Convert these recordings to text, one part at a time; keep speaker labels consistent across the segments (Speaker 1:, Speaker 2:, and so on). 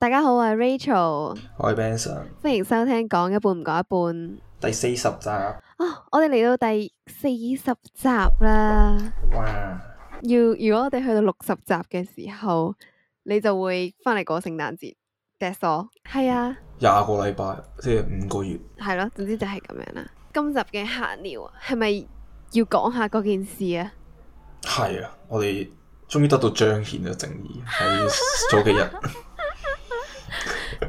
Speaker 1: 大家好，我係 Rachel，
Speaker 2: 我係 Benson，
Speaker 1: 歡迎收聽，講一半唔講一半
Speaker 2: 第四十集啊、
Speaker 1: 哦！我哋嚟到第四十集啦，哇！要如，如果我哋去到六十集嘅時候，你就會翻嚟過聖誕節，That’s all。係啊，
Speaker 2: 廿、嗯、個禮拜即係五個月，
Speaker 1: 係咯、啊，總之就係咁樣啦。今集嘅閒聊係咪要講下嗰件事啊？
Speaker 2: 係啊，我哋終於得到彰顯嘅正義喺
Speaker 1: 早幾日。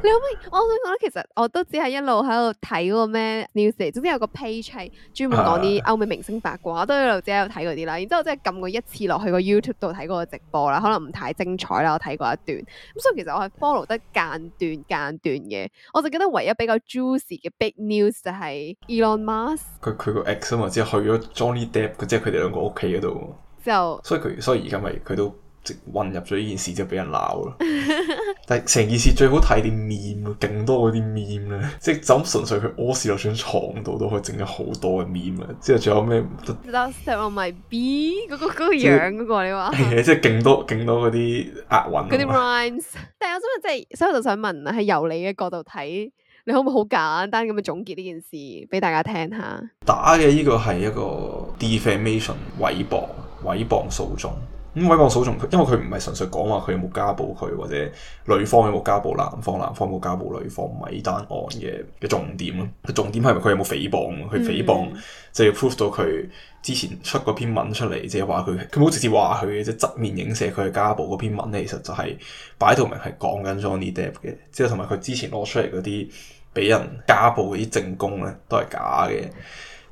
Speaker 1: 你可唔可以？我想講咧，其實我都只係一路喺度睇嗰個咩 news 嚟，總之有個 page 係專門講啲歐美明星八卦，的我都一路只係喺度睇嗰啲啦。然之後即係撳過一次落去個 YouTube 度睇過個直播啦，可能唔太精彩啦，我睇過一段。咁所以其實我係 follow 得間斷間斷嘅。我就記得唯一比較 juicy 嘅 big news 就係 Elon Musk。
Speaker 2: 佢佢個 ex 啊嘛，on, 即係去咗 Johnny Depp，即係佢哋兩個屋企嗰度。
Speaker 1: 之後就，
Speaker 2: 所以佢所以而家咪佢都。即混入咗呢件事就俾人鬧
Speaker 1: 啦，
Speaker 2: 但係成件事最好睇啲面，勁多嗰啲面咧，即係咁純粹佢屙屎又上床度都可以整咗好多嘅面啦。之後仲有咩
Speaker 1: ？Last one maybe，那、嗰個嗰，那個樣嗰個是你話說即
Speaker 2: 係勁多勁 多嗰啲押韻嗰啲
Speaker 1: rhymes。 但係我想問，即係所以我就想問啊，喺由你嘅角度睇，你可唔可以好簡單咁樣總結呢件事俾大家聽下？
Speaker 2: 打嘅呢個係一個 defamation 毀謗毀謗訴訟。咁威望數重，因為佢唔係純粹講話佢有冇家暴佢，或者女方有冇家暴男方，男方冇家暴女方，唔係依單案嘅嘅重點咯。重點係咪佢有冇誹謗？佢誹謗就要 prove 到佢之前出嗰篇文出嚟，即係話佢佢冇直接話佢嘅，即係側面影射佢係家暴嗰篇文，其實就係擺到明係講緊 Johnny Depp 嘅。之後同埋佢之前攞出嚟嗰啲俾人家暴嗰啲證供咧，都係假嘅。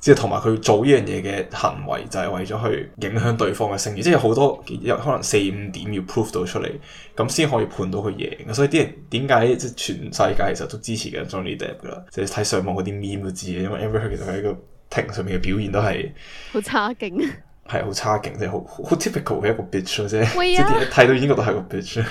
Speaker 2: 即係同埋佢做呢樣嘢嘅行為，就係為咗去影響對方嘅聲譽，即係好多有可能四五點要 prove 到出嚟，咁先可以判到佢贏。所以啲人點解即係全世界其實都支持緊 Johnny Depp 噶啦？即係睇上網嗰啲 meme 都知，嘅，因為 Amber 其實喺一個庭上面嘅表現都係
Speaker 1: 好差勁，
Speaker 2: 係好差勁，即係，好好 typical 嘅一個 bitch 啫。睇呀到已經覺得係個 bitch，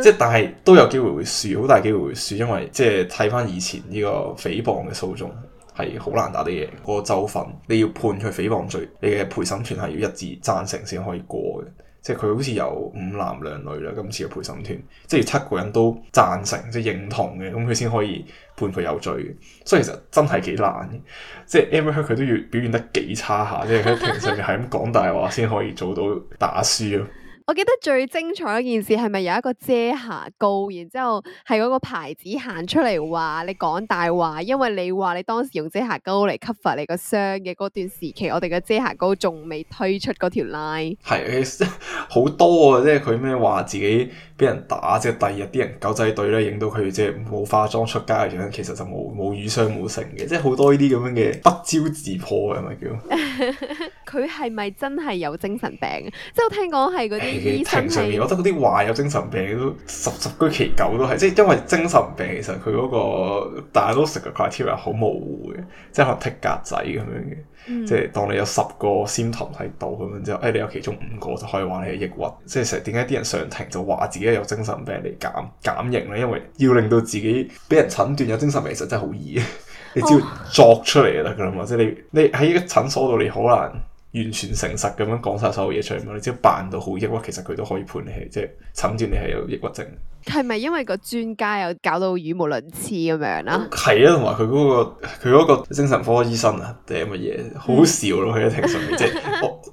Speaker 2: 即係但係都有機會會輸，好大機會會輸，因為即係睇翻以前呢個誹謗嘅訴訟。係好難打得贏，個州份你要判佢誹謗罪，你嘅陪審團係要一致贊成先可以過嘅，即係佢好似有五男兩女啦，今次嘅陪審團，即係七個人都贊成即係認同嘅，咁佢先可以判佢有罪，所以其實真係幾難嘅，即係 Amber Heard 佢都要表現得幾差下，即係佢平常係咁講大話先可以做到打輸咯。
Speaker 1: 我記得最精彩一件事係咪有一個遮瑕膏，然之後係嗰個牌子行出嚟話你講大話，因為你話你當時用遮瑕膏嚟 cover 你個傷嘅嗰段時期，我哋嘅遮瑕膏仲未推出嗰條 line。
Speaker 2: 係好多啊，即係佢咩話自己。俾人打，即係第二日啲人狗仔隊咧，影到佢即係冇化妝出街嘅樣，其實就冇冇瘀傷冇成嘅，即係好多呢啲咁樣嘅不招自破嘅係咪叫？
Speaker 1: 佢係咪真係有精神病？即係我聽講係嗰啲醫生上面，我覺得嗰
Speaker 2: 啲話有精神病都十十居其九都係，即係因為精神病其實佢嗰個大家都識嘅，criteria 好模糊嘅，即係可能剔格仔咁樣嘅，嗯、即係當你有十個 symptom 喺度咁樣之後，誒、哎、你有其中五個就可以話你係抑鬱，即係成日點解啲人上庭就話自己？而家有精神病嚟，減減刑啦，因為要令到自己俾人診斷有精神病，其實真係好易 你只要作出嚟就得噶啦嘛，oh. 即係你你喺一個診所度，你好難完全誠實咁樣講晒所有嘢出嚟嘛，你只要扮到好抑鬱，其實佢都可以判你係即係診斷你係有抑鬱症。
Speaker 1: 係咪因為個專家又搞到語無倫次咁樣啦？係
Speaker 2: 啊、嗯，同埋佢嗰個佢個精神科醫生啊定係乜嘢，好笑咯，喺度庭上面 即係，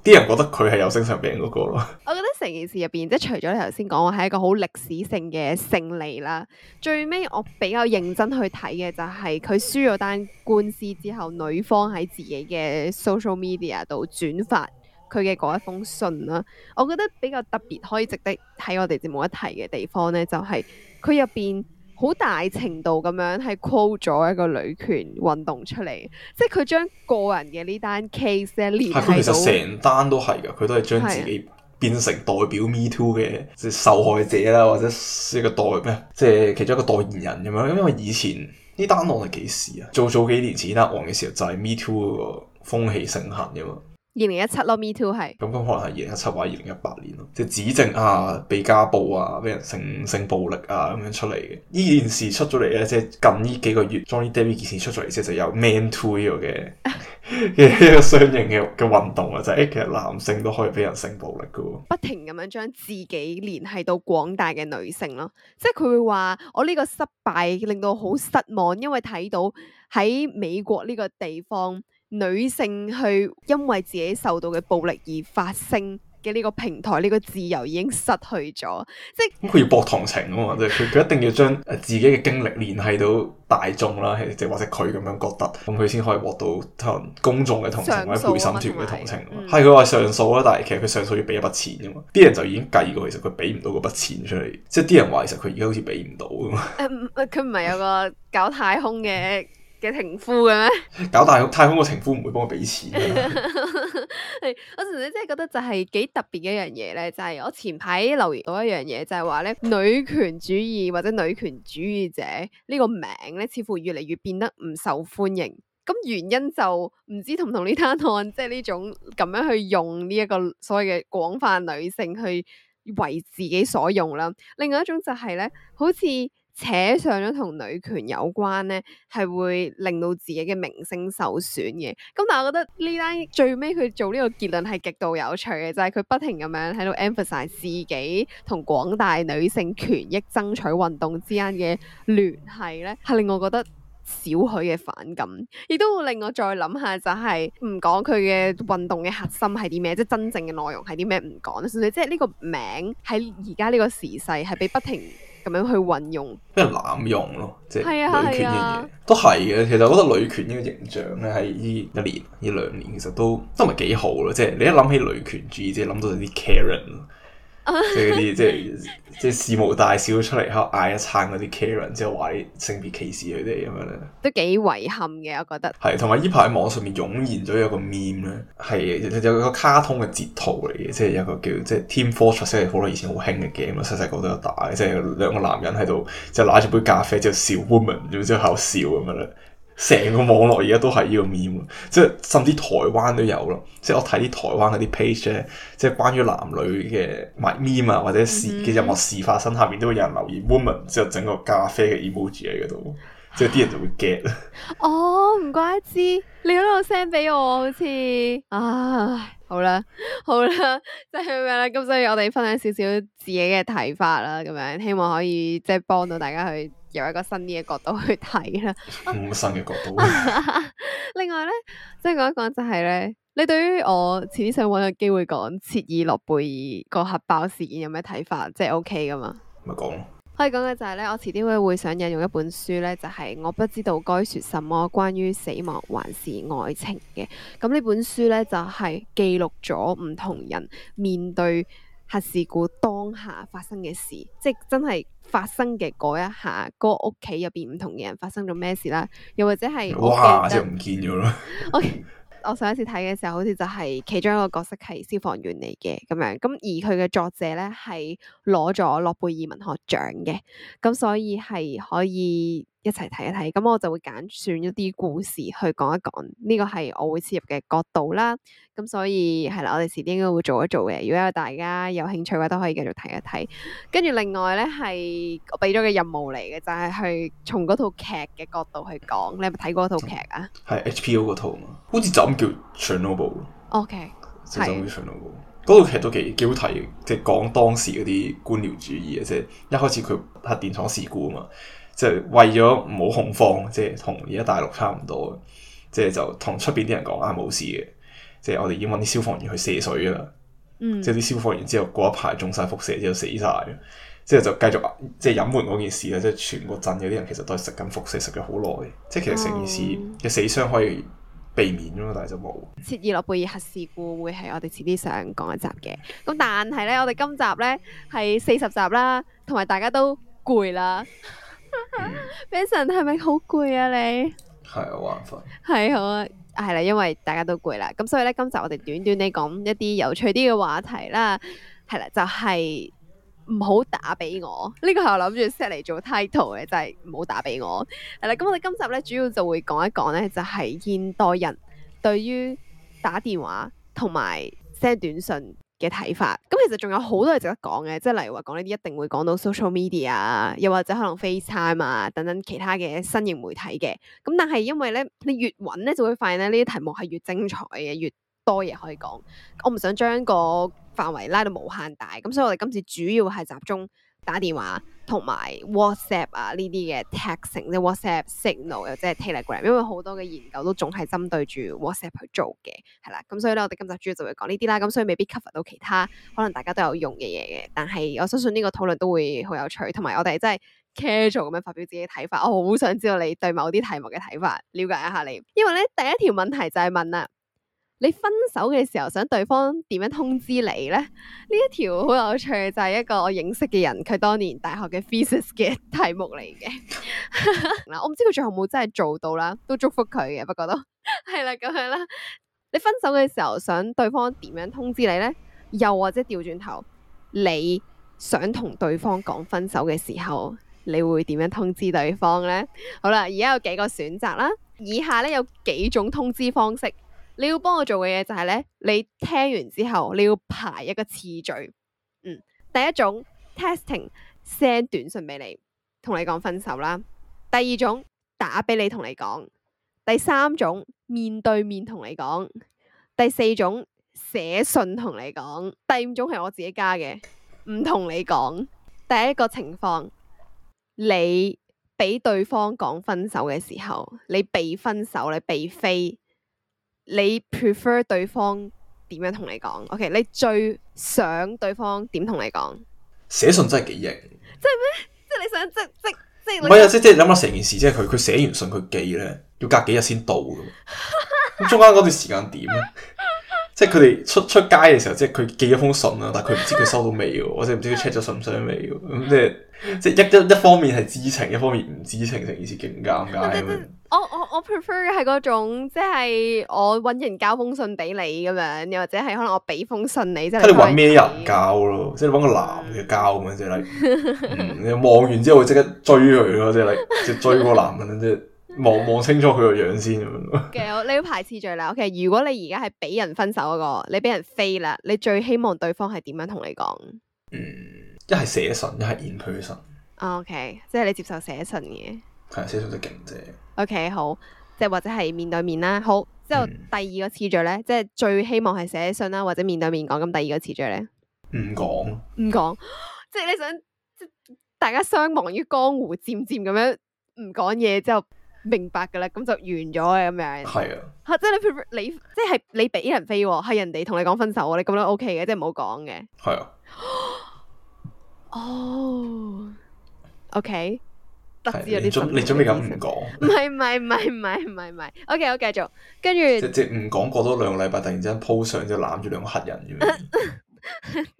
Speaker 2: 啲人覺得佢係有精神病嗰個咯。
Speaker 1: 我覺得成件事入邊，即係除咗你頭先講，我係一個好歷史性嘅勝利啦。最尾我比較認真去睇嘅就係佢輸咗單官司之後，女方喺自己嘅 social media 度轉發。佢嘅嗰一封信啦，我覺得比較特別可以值得喺我哋節目一提嘅地方咧，就係、是、佢入邊好大程度咁樣係 quote 咗一個女權運動出嚟，即係佢將個人嘅呢單 case 咧聯繫到其實成
Speaker 2: 單都係嘅，佢都係將自己變成代表 Me Too 嘅受害者啦，或者一個代咩，即係其中一個代言人咁樣。因為以前呢單案係幾時啊？早早幾年前，呢單案嘅時候就係、是、Me Too 個風氣盛行嘅嘛。
Speaker 1: 二零一七咯，me too 係。
Speaker 2: 咁咁可能係二零一七或二零一八年咯，即係指證啊，被家暴啊，俾人性性暴力啊咁樣出嚟嘅。呢件事出咗嚟咧，即係近呢幾個月，Johnny Depp 件事出咗嚟，即係就有 men too 嘅嘅一個相應嘅嘅運動啊，就係其實男性都可以俾人性暴力噶喎。
Speaker 1: 不停咁樣將自己聯繫到廣大嘅女性咯，即係佢會話我呢個失敗令到好失望，因為睇到喺美國呢個地方。女性去因為自己受到嘅暴力而發聲嘅呢個平台，呢個自由已經失去咗。
Speaker 2: 即係咁，佢要博同情啊嘛，即係佢佢一定要將自己嘅經歷聯繫到大眾啦，即係或者佢咁樣覺得，咁佢先可以獲到同公眾嘅同情，啊、或者陪審團嘅同情啊。係佢話上訴啦，但係其實佢上訴要俾一筆錢噶嘛，啲人就已經計過，其實佢俾唔到嗰筆錢出嚟，即係啲人話其實佢而家好似俾唔到
Speaker 1: 啊。誒佢唔係有個搞太空嘅 嘅情婦嘅咩？
Speaker 2: 搞大太空嘅情婦唔會幫我俾
Speaker 1: 錢嘅。 我純粹真係覺得就係幾特別嘅一樣嘢咧，就係、是、我前排留言到一樣嘢，就係話咧女權主義或者女權主義者呢個名咧，似乎越嚟越變得唔受歡迎。咁原因就唔知同唔同呢單案，即係呢種咁樣去用呢一個所謂嘅廣泛女性去為自己所用啦。另外一種就係咧，好似，扯上咗同女權有關咧，係會令到自己嘅名聲受損嘅。咁、嗯、但係我覺得呢單最尾佢做呢個結論係極度有趣嘅，就係、是、佢不停咁樣喺度 emphasize 自己同廣大女性權益爭取運動之間嘅聯繫咧，係令我覺得少許嘅反感，亦都會令我再諗下就係唔講佢嘅運動嘅核心係啲咩，即、就、係、是、真正嘅內容係啲咩唔講咧，算你即係呢個名喺而家呢個時勢係被不停。咁樣去運用，
Speaker 2: 咩濫用咯？即係女權嘅嘢都係嘅。其實我覺得女權呢個形象咧，喺呢一年、呢兩年，其實都都唔係幾好咯。即係你一諗起女權主義，即係諗到啲 Karen。即係啲即係即係事無大小出嚟，喺度嗌一餐嗰啲 Karen，之後話啲性別歧視佢哋咁樣咧，
Speaker 1: 都幾遺憾嘅，我覺得係。
Speaker 2: 同埋呢排喺網上面湧現咗一個 Meme 咧，係、就是、有有個卡通嘅截圖嚟嘅，即、就、係、是、有個叫即係、就是、Team Fortress 好耐以前好興嘅 game，細細個都打、就是、有打嘅，即係兩個男人喺度，即、就、係、是、拿住杯咖啡，之後笑 woman，然之後喺度笑咁樣咧。成個網絡而家都係呢個 meme 即係甚至台灣都有咯。即係我睇啲台灣嗰啲 page 咧，即係關於男女嘅 meme 啊，或者事嘅任何事發生，下邊都會有人留言 woman 之後整個咖啡嘅 emoji 喺嗰度，即係啲人就會
Speaker 1: get、啊。 哦，唔怪之，你嗰度 send 俾我，好似唉、啊，好啦，好啦，即係咩咧？咁所以我哋分享少少自己嘅睇法啦，咁樣希望可以即係幫到大家去。有一個新嘅角度去睇啦，啊、新嘅角度。 另外呢，即係講一講就係呢：你對於我遲啲想揾個機會講切爾諾貝爾個核爆事件有咩睇法？即係 OK 㗎嘛？咪講咯。可以講嘅就係呢：我遲啲會會想引用一本書呢就係、是、我不知道該説什麼關於死亡還是愛情嘅。咁呢本書呢，就係、是、記錄咗唔同人面對核事故當下發生嘅事，即係真係。發生嘅嗰一下，嗰屋企入邊唔同嘅人發生咗咩事啦？又或者係，嘩就唔見咗咯。 我我上一次睇嘅時候，好似就係、是、其中一個角色係消防員嚟嘅咁樣，咁而佢嘅作者咧係攞咗諾貝爾文學獎嘅，咁所以係可以。一齊睇一睇，咁我就會揀選一啲故事去講一講，呢、這個係我會切入嘅角度啦。咁所以係啦，我哋遲啲應該會做一做嘅。如果有大家有興趣嘅話，都可以繼續睇一睇。跟住另外咧，係我俾咗個任務嚟嘅，就係、是、去從嗰套劇嘅角度去講。你有冇睇過套劇啊？
Speaker 2: 係 HBO 嗰套啊嘛，好似就咁叫《Chernobyl》。O K，係《Chernobyl》。嗰套劇都幾幾好睇，即係講當時嗰啲官僚主義嘅即係一開始佢拍電廠事故啊嘛。即係為咗唔好恐慌，即係同而家大陸差唔多即係就同出邊啲人講，啊，冇事嘅，即係、啊、我哋已經揾啲消防員去射水啦，嗯，即係啲消防員之後過一排中晒輻射之後死晒，之後就繼續即係隱瞞嗰件事啦，即係全個鎮有啲人其實都係食緊輻射，食咗好耐，即係其實成件事嘅死傷可以避免噶，但係就冇
Speaker 1: 切爾諾貝利核事故會係我哋遲啲想講一集嘅。咁但係呢，我哋今集呢係四十集啦，同埋大家都攰啦。Benson，係咪好攰啊？你
Speaker 2: 係啊，玩訓
Speaker 1: 係好啊，係啦， 因為大家都攰啦，咁所以咧，今集我哋短短地講一啲有趣啲嘅話題啦，係啦，就係唔好打俾我，呢、呢個係我諗住 set 嚟做 title 嘅，就係唔好打俾我，係啦，咁我哋今集咧主要就會講一講咧，就係現代人對於打電話同埋 send 短信嘅睇法，咁其實仲有好多嘢值得講嘅，即係例如話講呢啲一定會講到 social media，啊，又或者可能 FaceTime 啊等等其他嘅新型媒體嘅。咁但係因為咧，你越揾咧就會發現咧呢啲題目係越精彩嘅，越多嘢可以講。我唔想將個範圍拉到無限大，咁所以我哋今次主要係集中打電話，同埋 WhatsApp 啊呢啲嘅 texting，即係 WhatsApp signal 又即係 Telegram，因為好多嘅研究都仲係針對住 WhatsApp 去做嘅。係啦，咁所以咧我哋今集主要就會講呢啲啦，咁所以未必 cover 到其他可能大家都有用嘅嘢嘅，但係我相信呢個討論都會好有趣，同埋我哋真係 casual 咁樣發表自己嘅睇法，我好想知道你對某啲題目嘅睇法，了解一下你，因為咧第一條問題就係問啦。你分手嘅時候想對方點樣通知你呢？呢一條好有趣，就係、是、一個我認識嘅人，佢當年大學嘅 thesis 嘅題目嚟嘅。嗱，我唔知佢最後有冇真係做到啦，都祝福佢嘅。不過都係啦，咁樣啦。你分手嘅時候想對方點樣通知你呢？又或者調轉頭，你想同對方講分手嘅時候，你會點樣通知對方呢？好啦，而家有幾個選擇啦。以下咧有幾種通知方式。你要幫我做嘅嘢就係咧，你聽完之後你要排一個次序。嗯，第一種 texting send 短信畀你，同你講分手啦。第二種打畀你同你講。第三種面對面同你講。第四種寫信同你講。第五種係我自己加嘅，唔同你講。第一個情況，你畀對方講分手嘅時候，你被分手，你被飛。你 prefer 對方點樣同你講？OK，你最想對方點同你講？
Speaker 2: 寫信真係幾型，
Speaker 1: 即係咩？即係你想即即即唔係啊？即
Speaker 2: 即諗下成件事，即係佢佢寫完信佢寄咧，要隔幾日先到噶，咁中間嗰段時間點咧？ 即係佢哋出出街嘅時候，即係佢寄咗封信啊，但係佢唔知佢收到未喎，我真係唔知佢 check 咗信唔信得未嘅。咁即係即係一一一方面係知情，一方面唔知情，成件事勁尷尬。我
Speaker 1: 我我 prefer 係嗰種，即係我搵人交封信畀你咁樣，又或者係可能我畀封信你。你 即睇你搵咩
Speaker 2: 人交咯，即係搵個男嘅交咁樣，即係你，望完之後會即刻追佢咯，即係你，就追個男咁樣。即望望清楚佢個樣先咁咯。OK，
Speaker 1: 其實呢排次序啦。OK，如果你而家係俾人分手嗰個，你俾人飛啦，你最希望對方係點樣同你講？
Speaker 2: 嗯，一係寫信，一係 in person。
Speaker 1: OK，即係你接受寫信
Speaker 2: 嘅。係寫信就勁啲。
Speaker 1: OK，好，即係或者係面對面啦。好，之後第二個次序咧，嗯、即係最希望係寫信啦，或者面對面講。咁第二個次序咧，
Speaker 2: 唔講，
Speaker 1: 唔講，即係你想，即大家相忘於江湖，漸漸咁樣唔講嘢之後。明白噶啦，咁就完咗嘅咁樣。係的啊，吓即係你，譬如你即係你俾人飛，係人哋同你講分手，你咁樣 O K 嘅，即係唔好講嘅。係啊的，哦，O、okay, K，的得知有你信你準備咁唔講？唔係唔係唔係唔係唔係唔係，O K，我繼續。跟住直接唔
Speaker 2: 講過多兩個禮拜，突然之間鋪上就攬住兩個黑人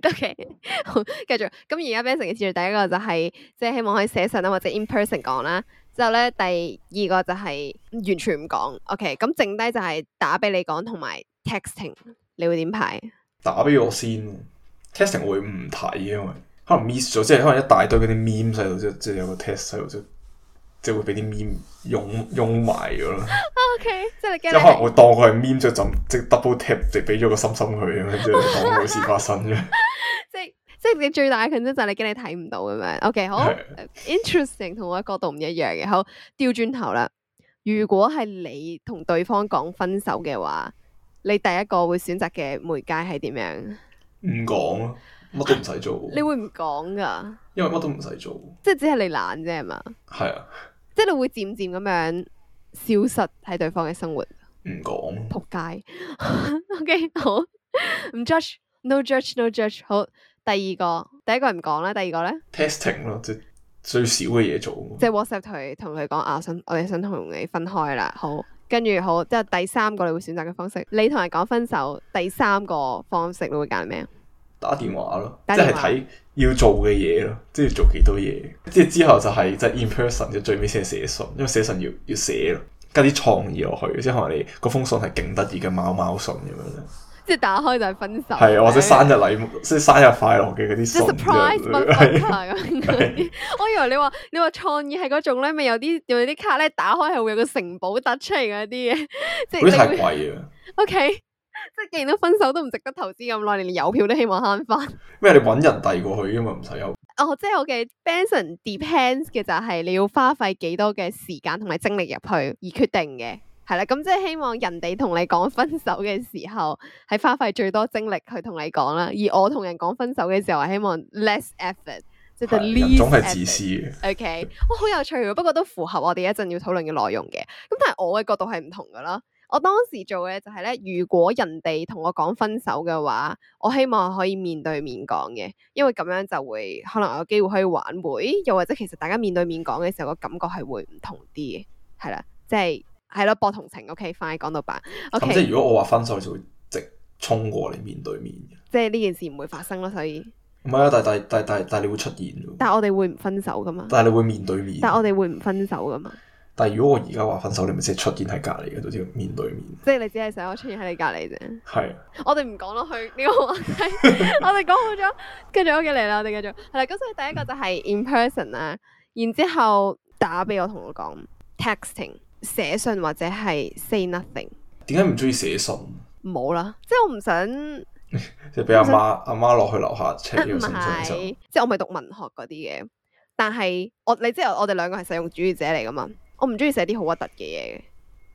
Speaker 1: O、okay, K，好，繼續。咁而家 Ben 成嘅次序第一個就係、是、即係希望可以寫信啦，或者 in person 講啦。之後咧第二個就係完全唔講，OK，咁剩低就係打俾你講同埋 texting，你會點排？
Speaker 2: 打俾我先，texting 我會唔睇因為可能 miss 咗，即係可能一大堆嗰啲 meme 晒度，即即有個 text 晒度，即會即會俾啲 meme 擁擁埋咗
Speaker 1: 啦。OK，即係可能我
Speaker 2: 當佢係 meme 咗陣，即 double tap 就俾咗個心心佢，咁即係當冇事發生嘅。
Speaker 1: 你最大嘅強處就係你驚你睇唔到咁樣。OK，好是，interesting，同我角度唔一樣嘅。好，調轉頭啦。如果係你同對方講分手嘅話，你第一個會選擇嘅媒介係點樣？唔
Speaker 2: 講咯，乜都唔使做。 你
Speaker 1: 會唔講噶？
Speaker 2: 因為乜都唔使做，
Speaker 1: 即係只係你懶啫係嘛？係啊，即係你會漸漸咁樣消失喺對方嘅生活。唔講說仆街。 OK，好，唔 judge，no judge，no judge，好、no judge。No 第二個，第一個唔講啦，第二個咧
Speaker 2: texting 咯，即係最少嘅嘢做。即
Speaker 1: 係 WhatsApp 佢，同佢講啊，我想我哋想同你分開啦。好，跟住好，即係第三個你會選擇嘅方式。你同人講分手，第三個方式你會揀咩？
Speaker 2: 打電話咯，話即係睇要做嘅嘢咯，即係做幾多嘢。即係之後就係即係 in person，即最尾先係寫信，因為寫信要要寫咯，加啲創意落去，即係可能你嗰封信係勁得意嘅貓貓信咁樣咧。
Speaker 1: 即係打開就係分手，係啊的，的或者生日禮
Speaker 2: 物，即係的生日快樂嘅嗰啲 surprise 卡片
Speaker 1: 咁。的的 我以為你話你話創意係嗰種咧，咪有啲有啲卡咧，打開係會有個城堡突出嚟嗰啲嘅，即係嗰啲太貴啊。O、okay, K，即係既然都分手都唔值得投資咁耐，連郵票都希望慳翻。
Speaker 2: 咩？你搵人遞過去，因為唔使有。
Speaker 1: 哦，oh, 即係我嘅 Benson depends 嘅就係你要花費幾多嘅時間同埋精力入去而決定嘅。係啦，咁即係希望人哋同你講分手嘅時候，係花費最多精力去同你講啦。而我同人講分手嘅時候，希望 less effort，即係人總係自私嘅。OK，哇、 哦，好有趣嘅，不過都符合我哋一陣要討論嘅內容嘅。咁但係我嘅角度係唔同噶啦。我當時做嘅就係、是、咧，如果人哋同我講分手嘅話，我希望可以面對面講嘅，因為咁樣就會可能有機會可以挽回，又或者其實大家面對面講嘅時候、個感覺係會唔同啲嘅。係啦，即係。係咯，博同情。OK，快講到白。咁、okay。即係如果我話分手，就
Speaker 2: 會直衝過嚟面對面
Speaker 1: 嘅。即係呢件事唔會發生咯，所以。
Speaker 2: 唔係啊，但係但係但係但係你會出現。
Speaker 1: 但係我哋會唔分手噶嘛？
Speaker 2: 但係你會面對面。但
Speaker 1: 係我哋會唔分手噶嘛？
Speaker 2: 但係如果我而家話分手，你咪即係出現喺隔籬嘅，到時面對面。
Speaker 1: 即係你只係想我出現喺你隔籬啫。係。我哋唔講落去呢個話題我哋講好咗，跟住我哋嚟啦，我哋繼續。係、嗯、啦，咁所以第一個就係 in person 啦，然之後打俾我同我講 texting。Text 寫信或者係 say nothing，
Speaker 2: 點解唔中意寫信？
Speaker 1: 冇啦，即係我唔想，
Speaker 2: 即係俾阿媽阿媽落去樓下請是我食即
Speaker 1: 係我咪讀文學嗰啲嘅，但係我你即係我哋兩個係實用主義者嚟噶嘛？我唔中意寫啲好核突嘅嘢嘅，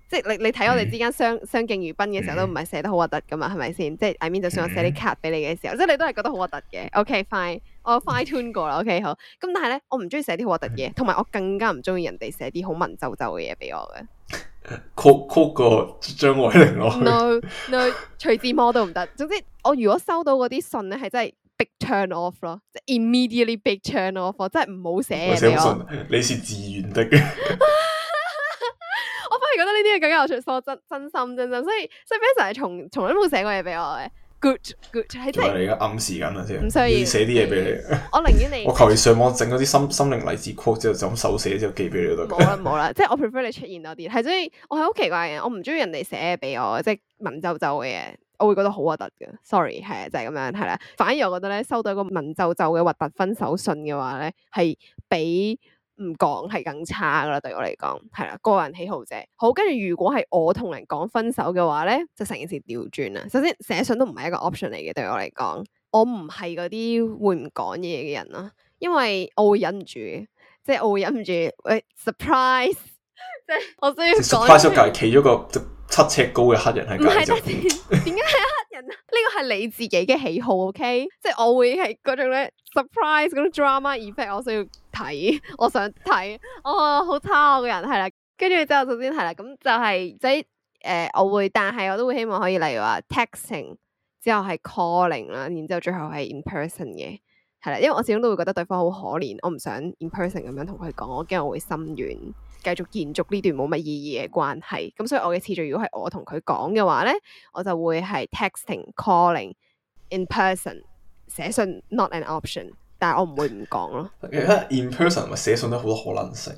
Speaker 1: 即係你你睇我哋之間相相敬如賓嘅時候都唔係寫得好核突噶嘛，係咪先？即係 I mean，就算我寫啲 card 俾你嘅時候，即係、嗯、你、你都係覺得好核突嘅。OK fine。我 fine tune 過啦，OK 好。咁但係咧，我唔中意寫啲好核突嘢，同埋我更加唔中意人哋寫啲好文縐縐嘅嘢俾我嘅。
Speaker 2: 曲曲個張愛玲咯，no
Speaker 1: no，徐志摩都唔得。 總之我如果收到嗰啲信咧，係真係 big turn off 咯，即係 immediately big turn off，即係唔好寫嘢信？
Speaker 2: 你是自願的，
Speaker 1: 的。 我反而覺得呢啲嘢更加有出素質，真心真心。所以所以 Benjamin 從從來都冇寫過嘢俾我嘅。good 喺度。我而家
Speaker 2: 暗示緊啦，先唔需要，要寫啲嘢俾你。
Speaker 1: 我寧願你 我求其
Speaker 2: 上網整嗰啲心心靈勵志 quote 之後就咁手寫之後寄俾你都好。冇啦
Speaker 1: 冇啦， 即係我 prefer 你出現多啲。係所以，我係好奇怪嘅，我唔中意人哋寫俾我，即係文皺皺嘅嘢，我會覺得好核突嘅。Sorry，係啊，就係、是、咁樣係啦、啊。反而我覺得咧，收到一個文皺皺嘅核突分手信嘅話咧，係比。唔講係更差噶啦，對我嚟講係啦，個人喜好啫。好，跟住如果係我同人講分手嘅話咧，就成件事調轉啦。首先寫信都唔係一個 option 嚟嘅，對我嚟講，我唔係嗰啲會唔講嘢嘅人啦，因為我會忍唔住嘅，即係我會忍唔住，喂，surprise，我都要講。surprise 咁
Speaker 2: 企個。 七尺高嘅黑人
Speaker 1: 喺隔籬就點？點解係 黑人呢個係你自己嘅喜好，OK？即係我會係嗰種咧 surprise 嗰種 drama effect 我想要睇，我想睇。哦，好差我嘅人係啦，跟住之後首先係啦，咁就係即係誒，我會，但係我都會希望可以例如話 texting 之後係 calling 啦，然之後最後係 in person 嘅係啦，因為我始終都會覺得對方好可憐，我唔想 in person 咁樣同佢講，我驚我會心軟。繼續延續呢段冇乜意義嘅關係，咁所以我嘅次序如果係我同佢講嘅話咧，我就會係 texting、calling、in person、寫信，not an option 但不不。但係我唔會唔講咯。
Speaker 2: 其實吧 in person 咪寫信都好多可能性，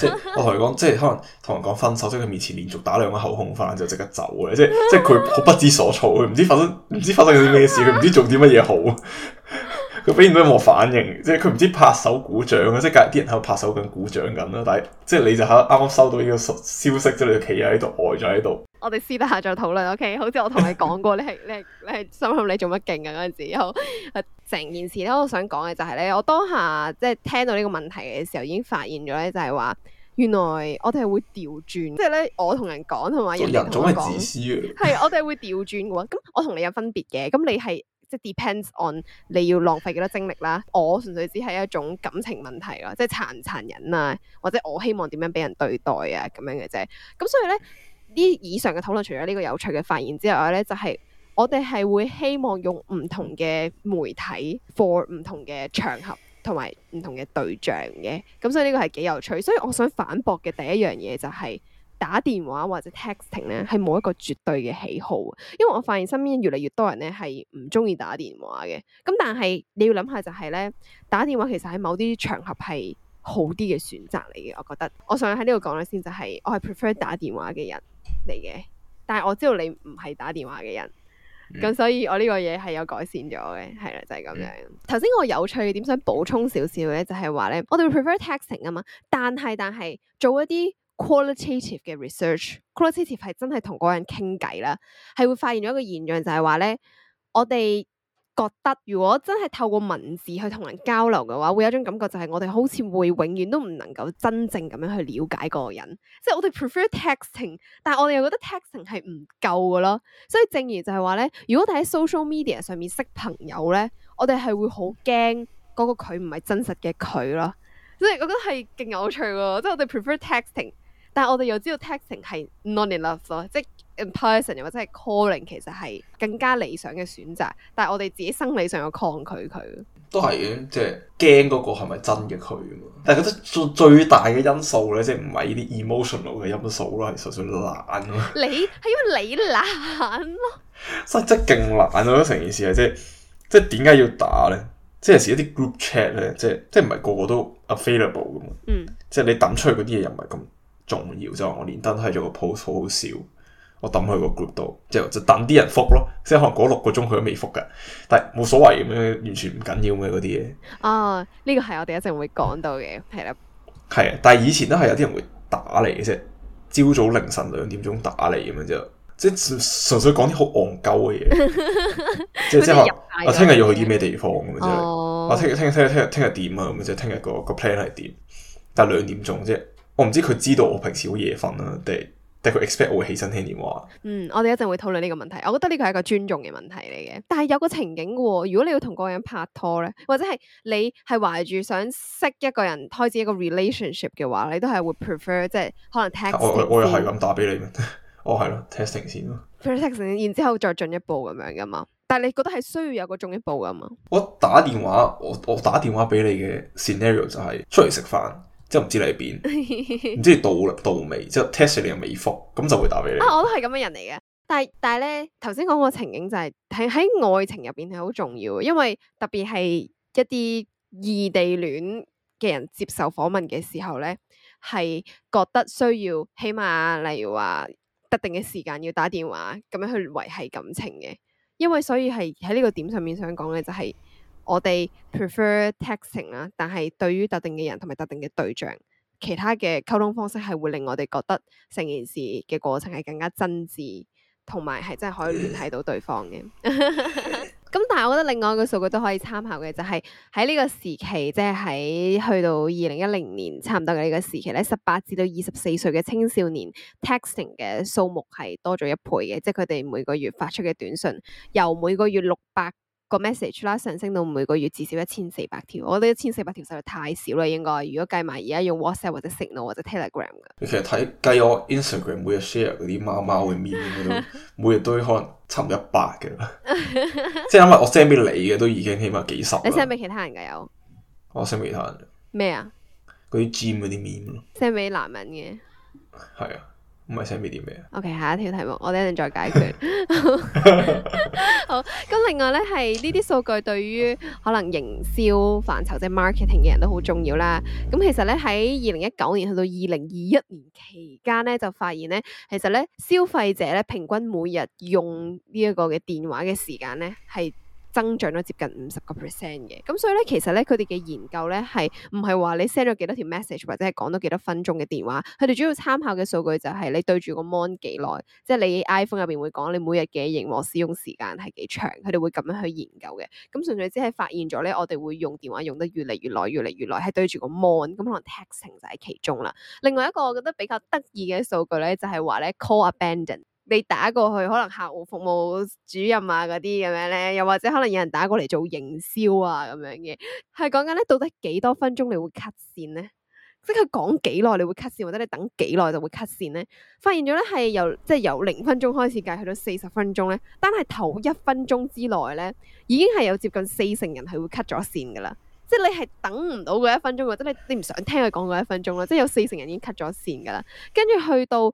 Speaker 2: 即係我同佢講，即係可能同人講分手，即係佢面前連續打兩個後空翻就即刻走嘅，即係即係佢好不知所措，佢唔知發生，唔知發生咗啲咩事，佢唔 知做啲乜嘢好。 佢表現到冇反應？即係佢唔知拍手鼓掌，即係隔日啲人喺度拍手咁鼓掌咁啦，但係即係你就喺啱啱收到呢個消息即係、okay? 你企喺度呆咗喺度。
Speaker 1: 我哋私底下再討論，OK？好似我同你講過，你係你係你係心諗你做乜勁嘅嗰陣時，然後成件事咧，我想講嘅就係、是、咧，我當下即係聽到呢個問題嘅時候，已經發現咗咧，就係話原來我哋係會調轉，即係咧我同人講同埋人，人，人總係自私嘅。係我哋係會調轉嘅。咁我同你有分別嘅，咁你係。即係 depends on 你要浪費幾多精力啦。我純粹只係一種感情問題咯，即係殘唔殘忍啊，或者我希望點樣俾人對待啊，咁樣嘅啫。咁所以咧，呢以上嘅討論除咗呢個有趣嘅發現之外咧，就係、是、我哋係會希望用唔同嘅媒體 for 唔同嘅場合同埋唔同嘅對象嘅。咁所以呢個係幾有趣。所以我想反駁嘅第一樣嘢就係、是。打電話或者 texting 咧，係冇一個絕對嘅喜好，因為我發現身邊越嚟越多人咧係唔中意打電話嘅。咁但係你要諗下就係、是、咧，打電話其實喺某啲場合係好啲嘅選擇嚟嘅。我覺得，我想喺呢度講咗先，就係、是、我係 prefer 打電話嘅人嚟嘅。但係我知道你唔係打電話嘅人，咁、嗯、所以我呢個嘢係有改善咗嘅，係啦，就係、是、咁樣。頭先、嗯、我有趣嘅點想補充少少咧，就係話咧，我哋會 prefer texting 啊嘛，但係但係做一啲。qualitative 嘅 research，qualitative 係真係同嗰個人傾偈啦，係會發現咗一個現象，就係話咧，我哋覺得如果真係透過文字去同人交流嘅話，會有一種感覺，就係我哋好似會永遠都唔能夠真正咁樣去了解嗰個人，即係我哋 prefer texting，但係我哋又覺得 texting 係唔夠㗎囉，所以正如就係話咧，如果我哋喺 social media 上面識朋友咧，我哋係會好驚嗰個佢唔係真實嘅佢咯，即係我覺得係勁有趣喎，即係我哋 prefer texting。但係我哋又知道 texting 係 non-inlove 咯，即係 in person 或者係 calling 其實係更加理想嘅選擇。但係我哋自己生理上嘅抗拒佢。都
Speaker 2: 係嘅，即係驚嗰個係咪真嘅佢啊？但係覺得最最大嘅因素咧，即係唔係呢啲 emotional 嘅因素咯，其實純粹懶咯。你
Speaker 1: 係 因為你懶咯，
Speaker 2: 真真勁懶咯，成件事啊！即係即係點解要打咧？即係有時一啲 group chat 咧，即係即係唔係個個都 available 噶嘛？嗯，mm. 即係你抌出去嗰啲嘢又唔係咁。重要就係我連登睇咗個 post 好好笑，我抌佢個 group 度，即係就等啲人復咯，即係可能嗰六個鐘佢都未復嘅，但係冇所謂咁樣，完全唔緊要嘅嗰啲嘢。
Speaker 1: 啊，呢個係我哋一直會講到嘅，係啦，
Speaker 2: 係啊，但係以前都係有啲人會打嚟嘅啫，朝早凌晨兩點鐘打嚟咁樣啫，即係純粹講啲好戇鳩嘅嘢，
Speaker 1: 即係即係我聽日要去啲
Speaker 2: 咩地方咁樣，我聽日聽日聽日聽日點啊咁樣，即係聽日個個 plan 係點，但係兩點鐘啫。我唔知佢知道我平時好夜瞓啊，定係定係佢 expect 我會起身聽電話。
Speaker 1: 嗯，我哋一陣會討論呢個問題。我覺得呢個係一個尊重嘅問題嚟嘅。但係有個情景嘅，如果你要同個人拍拖咧，或者係你係懷住想識一個人開始一個 relationship 嘅話，你都係會 prefer 即係可能 text。我我又係咁打
Speaker 2: 俾你，我係咯、 哦、testing 先
Speaker 1: 咯。然之後再進一步咁樣噶嘛？但係你覺得係需要有個進一步噶嘛？
Speaker 2: 我打電話，我我打電話俾你嘅 scenario 就係出嚟食飯。即係唔知你喺邊，唔 知道到到尾，到尾，即係 text 你又未
Speaker 1: 覆，咁就會打畀你。啊，我都係咁嘅人嚟嘅，但係但係咧，頭先講個情景就係喺喺愛情入邊係好重要，因為特別係一啲異地戀嘅人接受訪問嘅時候咧，係覺得需要起碼例如話特定嘅時間要打電話咁樣去維繫感情嘅，因為所以係喺呢個點上面想講咧就係、是。我哋 prefer texting 啦，但係對於特定嘅人同埋特定嘅對象，其他嘅溝通方式係會令我哋覺得成件事嘅過程係更加真摯，同埋係真係可以聯繫到對方嘅。咁 但係我覺得另外一個數據都可以參考嘅就係喺呢個時期，即係喺去到二零一零年差唔多嘅呢個時期咧，十八至到二十四歲嘅青少年 texting 嘅數目係多咗一倍嘅，即係佢哋每個月發出嘅短信由每個月六百個 message 啦，上升到每個月至少一千四百條，我覺得一千四百條實在太少啦，應該如果計埋而家用 WhatsApp 或者 Signal 或者 Telegram 嘅，
Speaker 2: 其實睇計我 Instagram 每日 share 嗰啲貓貓嘅面， 每日都可能差唔多一百嘅，即係因為我 send 俾你嘅都已經起碼幾十，你 send
Speaker 1: 俾其他人噶有？
Speaker 2: 我 send 俾其他人咩啊？嗰啲 gym 嗰啲面咯
Speaker 1: ，send 俾男人嘅
Speaker 2: 係啊。唔係寫咩啲咩
Speaker 1: OK，下一條題目，我哋一定再解決。 好，咁另外呢，係呢啲數據對於可能營銷範疇，即係 marketing 嘅人都好重要啦。咁其實呢，喺二零一九年去到二零二一年期間呢，就發現呢，其實呢消費者呢，平均每日用呢一個嘅電話嘅時間呢係，增長咗接近五十個 percent 嘅，咁所以咧，其實咧，佢哋嘅研究咧係唔係話你 send 咗幾多條 message 或者係講咗幾多分鐘嘅電話，佢哋主要參考嘅數據就係你對住個 mon 幾耐，即係你 iPhone 入邊會講你每日嘅熒幕使用時間係幾長，佢哋會咁樣去研究嘅。咁純粹只係發現咗咧，我哋會用電話用得越嚟越耐，越嚟越耐係對住個 mon，咁可能 texting 就喺其中啦。另外一個我覺得比較得意嘅數據咧，就係話咧 call abandon。你打過去可能客戶服務主任啊嗰啲咁樣咧，又或者可能有人打過嚟做營銷啊咁樣嘅，係講緊咧到底幾多分鐘你會 cut 線咧？即係佢講幾耐你會 cut 線，或者你等幾耐就會 cut 線咧？發現咗咧係由即係、就是、由零分鐘開始計去到四十分鐘咧，但係頭一分鐘之內咧已經係有接近四成人係會 cut 咗線噶啦，即係你係等唔到嗰一分鐘，或者你你唔想聽佢講嗰一分鐘啦，即係有四成人已經 cut 咗線噶啦，跟住去到，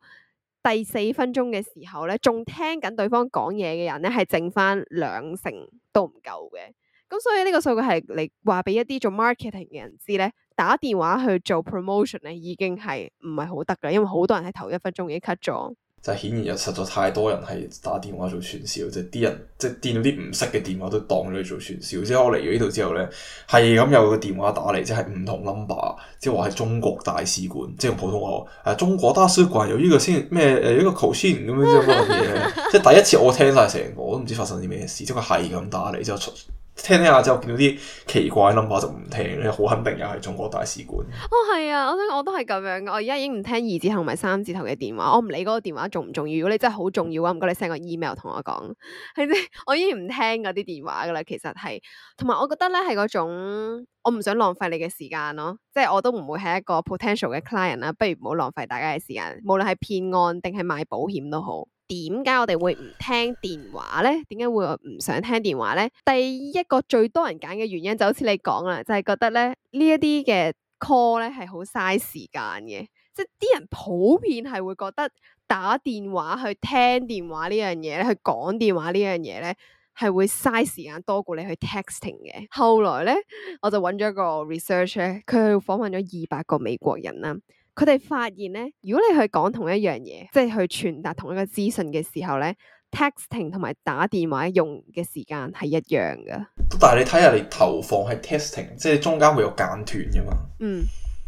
Speaker 1: 第四分鐘嘅時候咧，仲聽緊對方講嘢嘅人咧，係剩翻兩成都唔夠嘅。咁所以呢個數據係嚟話俾一啲做 marketing 嘅人知咧，打電話去做 promotion 咧，已經係唔係好得㗎，因為好多人喺頭一分鐘已經 cut 咗。
Speaker 2: 就顯然又實在太多人係打電話做傳銷，就啲、是、人即係掂到啲唔識嘅電話都當咗佢做傳銷。即之後我嚟咗呢度之後咧，係咁有個電話打嚟，即係唔同 number，即係話係中國大使館，即係用普通話，係、啊、中國大使館有呢、這個先咩誒一個 call 先咁樣即係乜嘢？即係第一次我聽晒成個，我都唔知發生啲咩事，即係佢係咁打嚟，之後出。聽聽下，之後見到啲奇怪 number 就唔聽，好肯定又係中國大使館。
Speaker 1: 哦係啊，我都我都係咁樣噶，我而家已經唔聽二字同埋三字頭嘅電話，我唔理嗰個電話重唔重要。如果你真係好重要嘅話，唔該你 send 個 email 同我講，係咪？我已經唔聽嗰啲電話噶啦，其實係，同埋我覺得咧係嗰種我唔想浪費你嘅時間咯，即係我都唔會係一個 potential 嘅 client 啦，不如唔好浪費大家嘅時間，無論係騙案定係買保險都好。點解我哋會唔聽電話咧？點解會唔想聽電話咧？第一個最多人揀嘅原因就好似你講啦，就係、就是、覺得咧呢一啲嘅 call 咧係好嘥時間嘅，即係啲人普遍係會覺得打電話去聽電話呢樣嘢咧，去講電話呢樣嘢咧係會嘥時間多過你去 texting 嘅。後來咧，我就揾咗一個 research 咧，佢去訪問咗二百個美國人啦。佢哋發現咧，如果你去講同一樣嘢，即係去傳達同一個資訊嘅時候咧，texting 同埋打電話用嘅時間係一樣噶。但係你睇下你
Speaker 2: 投放係 testing，即係中間會有間斷噶嘛？嗯，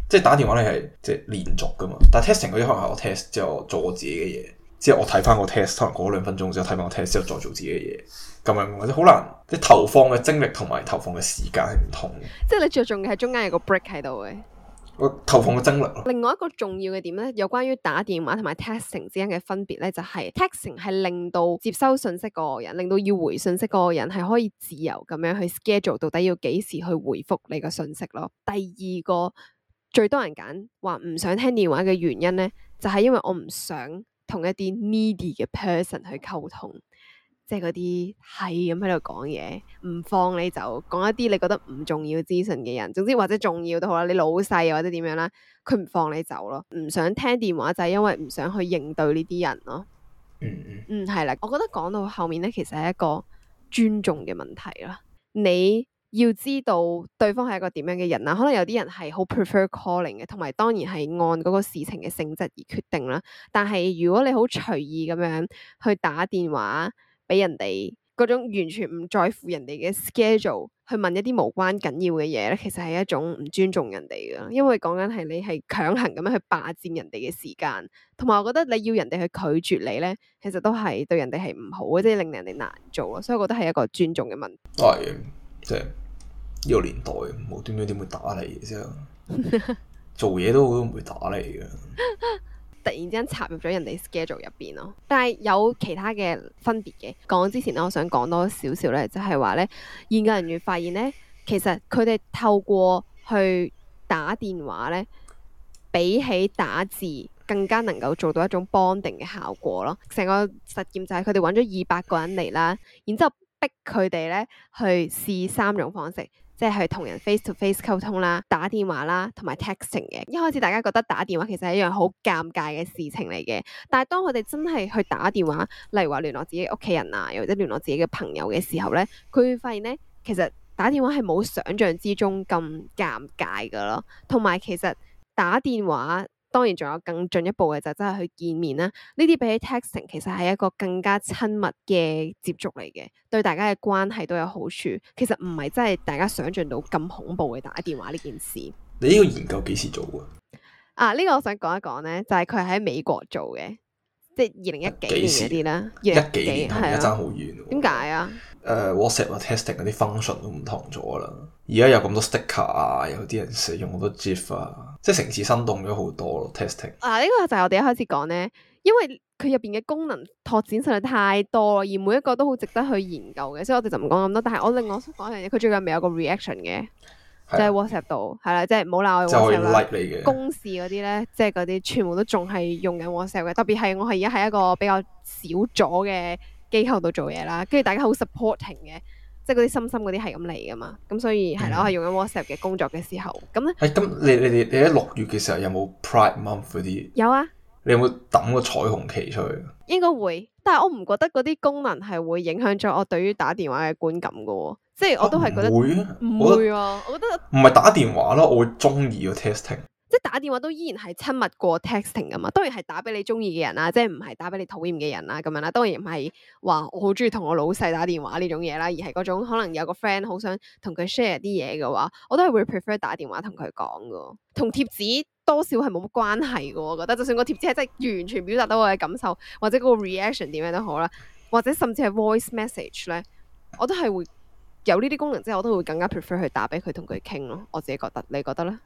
Speaker 2: 即係打電話你係即係連續噶嘛？但係 testing 嗰啲可能係我 test 之後做我自己嘅嘢，即係我睇翻個 test，可能過咗兩分鐘之後睇翻個 test 之後再做自己嘅嘢，咁樣或者好難。即係投放嘅精力同埋投放嘅時間係唔同
Speaker 1: 嘅，即係你着重嘅係中間有個 break 喺度嘅。
Speaker 2: 我投放嘅增率。
Speaker 1: 另外一個重要嘅點呢，有關於打電話同埋 texting 之間嘅分別呢，就係、是、texting 係令到接收信息嗰個人，令到要回信息嗰個人係可以自由咁樣去 schedule 到底要幾時去回覆你個信息咯。第二個最多人揀話唔想聽電話嘅原因呢，就係、是、因為我唔想同一啲 needy 嘅 person 去溝通。即係嗰啲係咁喺度講嘢，唔放你走。講一啲你覺得唔重要資訊嘅人，總之或者重要都好啦。你老細又或者點樣啦，佢唔放你走咯，唔想聽電話就係因為唔想去應對呢啲人咯。嗯嗯，嗯係啦，我覺得講到後面咧，其實係一個尊重嘅問題啦。你要知道對方係一個點樣嘅人啦，可能有啲人係好 prefer calling 嘅，同埋當然係按嗰個事情嘅性質而決定啦。但係如果你好隨意咁樣去打電話，畀人哋嗰種完全唔在乎人哋嘅 schedule 去問一啲無關緊要嘅嘢咧，其實係一種唔尊重人哋㗎，因為講緊係你係強行咁樣去霸占人哋嘅時間，同埋我覺得你要人哋去拒絕你咧，其實都係對人哋係唔好嘅，即係令人哋難做咯。所以我覺得係一個尊重嘅問題。
Speaker 2: 係、哎、即係呢、這個年代無端端點會打你，嘅啫， 做嘢都都唔會打你嘅。
Speaker 1: 突然之間插入咗人哋 schedule 入邊咯，但係有其他嘅分別嘅。講之前咧，我想講多少少咧，就係話咧，研究人員發現咧，其實佢哋透過去打電話咧，比起打字更加能夠做到一種 bonding 嘅效果咯。成個實驗就係佢哋揾咗二百個人嚟啦，然之後逼佢哋咧去試三種方式。即係同人 face to face 溝通啦、打電話啦，同埋 texting 嘅。一開始大家覺得打電話其實係一樣好尷尬嘅事情嚟嘅，但係當佢哋真係去打電話，例如話聯絡自己屋企人啊，又或者聯絡自己嘅朋友嘅時候咧，佢會發現咧，其實打電話係冇想像之中咁尷尬㗎囉，同埋其實打電話。當然仲有更進一步嘅就真係去見面啦，呢啲比起 texting 其實係一個更加親密嘅接觸嚟嘅，對大家嘅關係都有好處。其實唔係真係大家想象到咁恐怖嘅打電話呢件事。你
Speaker 2: 呢個研究幾時做啊？
Speaker 1: 啊，呢個我想講一講咧，就係佢喺美國做嘅，即係二零一幾年嗰啲啦，一幾年而家爭好遠。點解啊？誒、啊
Speaker 2: uh，WhatsApp 啊，texting 嗰啲 function 都唔同咗啦。而家有咁多 sticker 啊，有啲人成日用好多 gif 啊。即係城市生動咗好多咯，testing。
Speaker 1: 嗱，呢、啊呢個就係我哋一開始講咧，因為佢入邊嘅功能拓展實在太多啦，而每一個都好值得去研究嘅，所以我哋就唔講咁多。但係我另外講一樣嘢，佢最近未有個 reaction 嘅，即喺 WhatsApp 度，係啦，即係唔好鬧我。用我 like 你嘅。公事嗰啲咧，即係嗰啲全部都仲係用緊 WhatsApp 嘅，特別係我係而家喺一個比較少咗嘅機構度做嘢啦，跟住大家好 supporting 嘅。即係嗰啲深深嗰啲係咁嚟噶嘛，咁所以係啦、嗯，我係用緊 WhatsApp 嘅工作嘅時候，咁咧。誒、哎，
Speaker 2: 咁你你你喺六月嘅時候有冇 Pride Month 嗰啲？有啊。你有冇掟個彩虹旗出
Speaker 1: 去？應該會，但係我唔覺得嗰啲功能係會影響咗我對於打電話嘅觀感噶、哦，即係我都係覺得。唔、啊、會啊！會啊，我覺得。
Speaker 2: 唔係打電話啦，我會中意個 texting。
Speaker 1: 即係打電話都依然係親密過 texting 噶嘛，當然係打俾你中意嘅人啦，即係唔係打俾你討厭嘅人啦，咁樣啦。當然唔係話我好中意同我老細打電話呢種嘢啦，而係嗰種可能有個 friend 好想同佢 share 啲嘢嘅話，我都係會 prefer 打電話同佢講噶，同貼紙多少係冇乜關係噶，我覺得。就算個貼紙係真係完全表達到我嘅感受，或者嗰個 reaction 點樣都好啦，或者甚至係 voice message 咧，我都係會有呢啲功能之後，我都會更加 prefer 去打俾佢同佢傾咯。我自己覺得，你覺得咧？